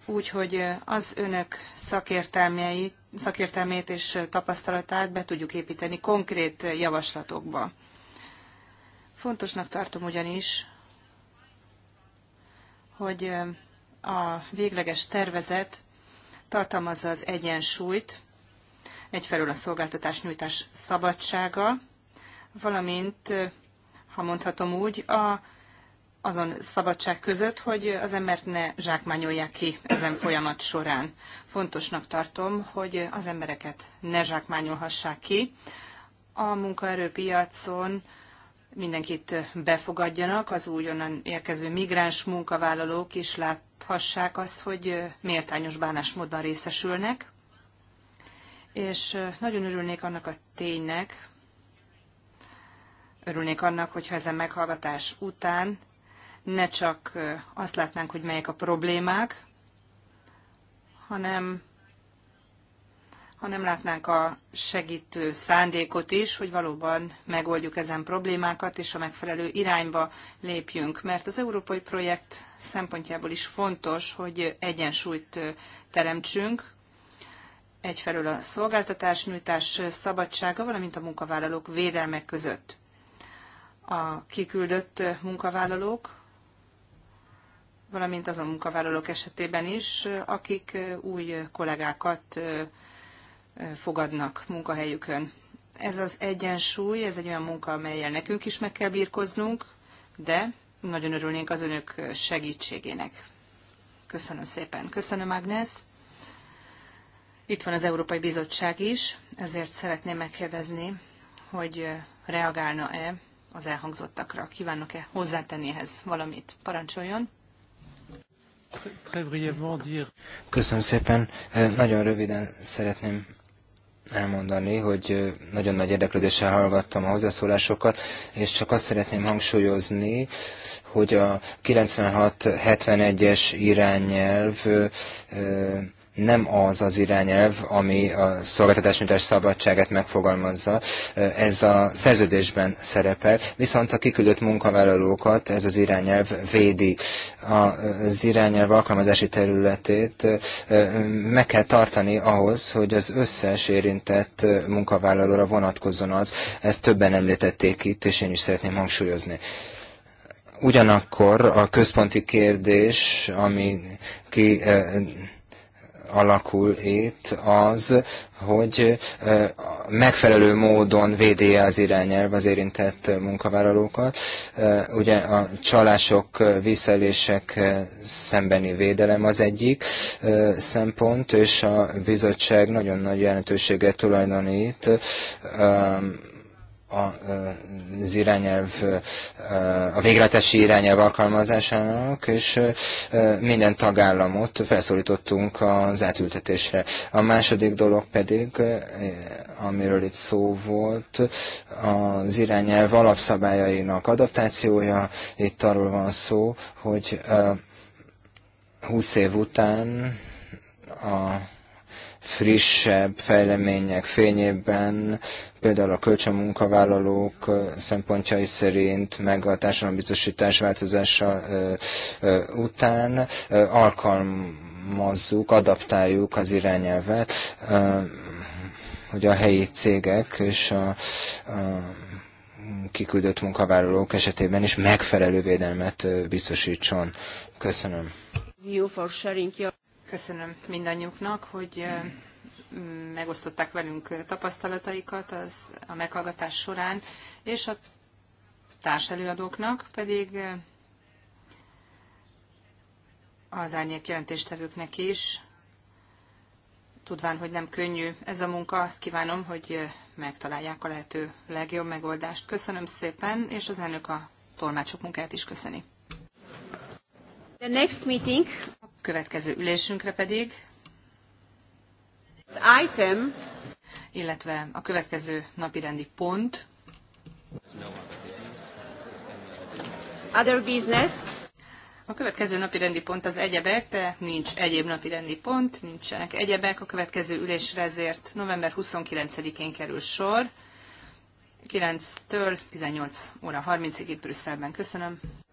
úgyhogy az önök szakértelmét és tapasztalatát be tudjuk építeni konkrét javaslatokba. Fontosnak tartom ugyanis, hogy a végleges tervezet tartalmazza az egyensúlyt, egyfelől a szolgáltatás nyújtás szabadsága, valamint, ha mondhatom úgy, a, azon szabadság között, hogy az embert ne zsákmányolják ki ezen folyamat során. Fontosnak tartom, hogy az embereket ne zsákmányolhassák ki. A munkaerőpiacon mindenkit befogadjanak, az újonnan érkező migráns munkavállalók is láthassák azt, hogy méltányos bánásmódban részesülnek. És nagyon örülnék annak a ténynek, örülnék annak, hogyha ezen meghallgatás után ne csak azt látnánk, hogy melyek a problémák, hanem ha nem látnánk a segítő szándékot is, hogy valóban megoldjuk ezen problémákat, és a megfelelő irányba lépjünk. Mert az európai projekt szempontjából is fontos, hogy egyensúlyt teremtsünk, egyfelől a szolgáltatás nyújtás szabadsága, valamint a munkavállalók védelmek között. A kiküldött munkavállalók, valamint azon munkavállalók esetében is, akik új kollégákat fogadnak munkahelyükön. Ez az egyensúly, ez egy olyan munka, amelyel nekünk is meg kell birkoznunk, de nagyon örülnénk az önök segítségének. Köszönöm szépen. Köszönöm, Agnes. Itt van az Európai Bizottság is, ezért szeretném megkérdezni, hogy reagálna-e az elhangzottakra. Kívánok-e hozzátenni ehhez valamit? Parancsoljon! Köszönöm szépen. Nagyon röviden szeretném elmondani, hogy nagyon nagy érdeklődéssel hallgattam a hozzászólásokat, és csak azt szeretném hangsúlyozni, hogy a 96-71-es irányelv nem az az irányelv, ami a szolgáltatásnyújtás szabadságát megfogalmazza. Ez a szerződésben szerepel, viszont a kiküldött munkavállalókat ez az irányelv védi. Az irányelv alkalmazási területét meg kell tartani ahhoz, hogy az összes érintett munkavállalóra vonatkozzon az. Ezt többen említették itt, és én is szeretném hangsúlyozni ugyanakkor a központi kérdés, ami ki alakul itt az, hogy megfelelő módon védi az irányelv az érintett munkavállalókat. Ugye a csalások, visszaélések szembeni védelem az egyik szempont, és a bizottság nagyon nagy jelentőséget tulajdonít Eh, az irányelv, eh, a végletesi irányelv alkalmazásának, és eh, minden tagállamot felszólítottunk az átültetésre. A második dolog pedig, amiről itt szó volt, az irányelv alapszabályainak adaptációja. Itt arról van szó, hogy 20 év után a frissebb fejlemények fényében, például a kölcsönmunkavállalók szempontjai szerint, meg a társadalombiztosítás változása után alkalmazzuk, adaptáljuk az irányelvet, hogy a helyi cégek és a, a kiküldött munkavállalók esetében is megfelelő védelmet biztosítson. Köszönöm. Köszönöm mindannyiuknak, hogy megosztották velünk tapasztalataikat az, a meghallgatás során, és a társelőadóknak pedig az árnyék jelentéstevőknek is, tudván, hogy nem könnyű ez a munka, azt kívánom, hogy megtalálják a lehető legjobb megoldást. Köszönöm szépen, és az elnök a tolmácsok munkáját is köszöni. The next meeting következő ülésünkre pedig item, illetve a következő napirendi pont. Other business. A következő napirendi pont az egyebek, de nincs egyéb napirendi pont, nincsenek egyebek. A következő ülésre ezért november 29-én kerül sor. 9-től 18 óra 30-ig itt Brüsszelben. Köszönöm.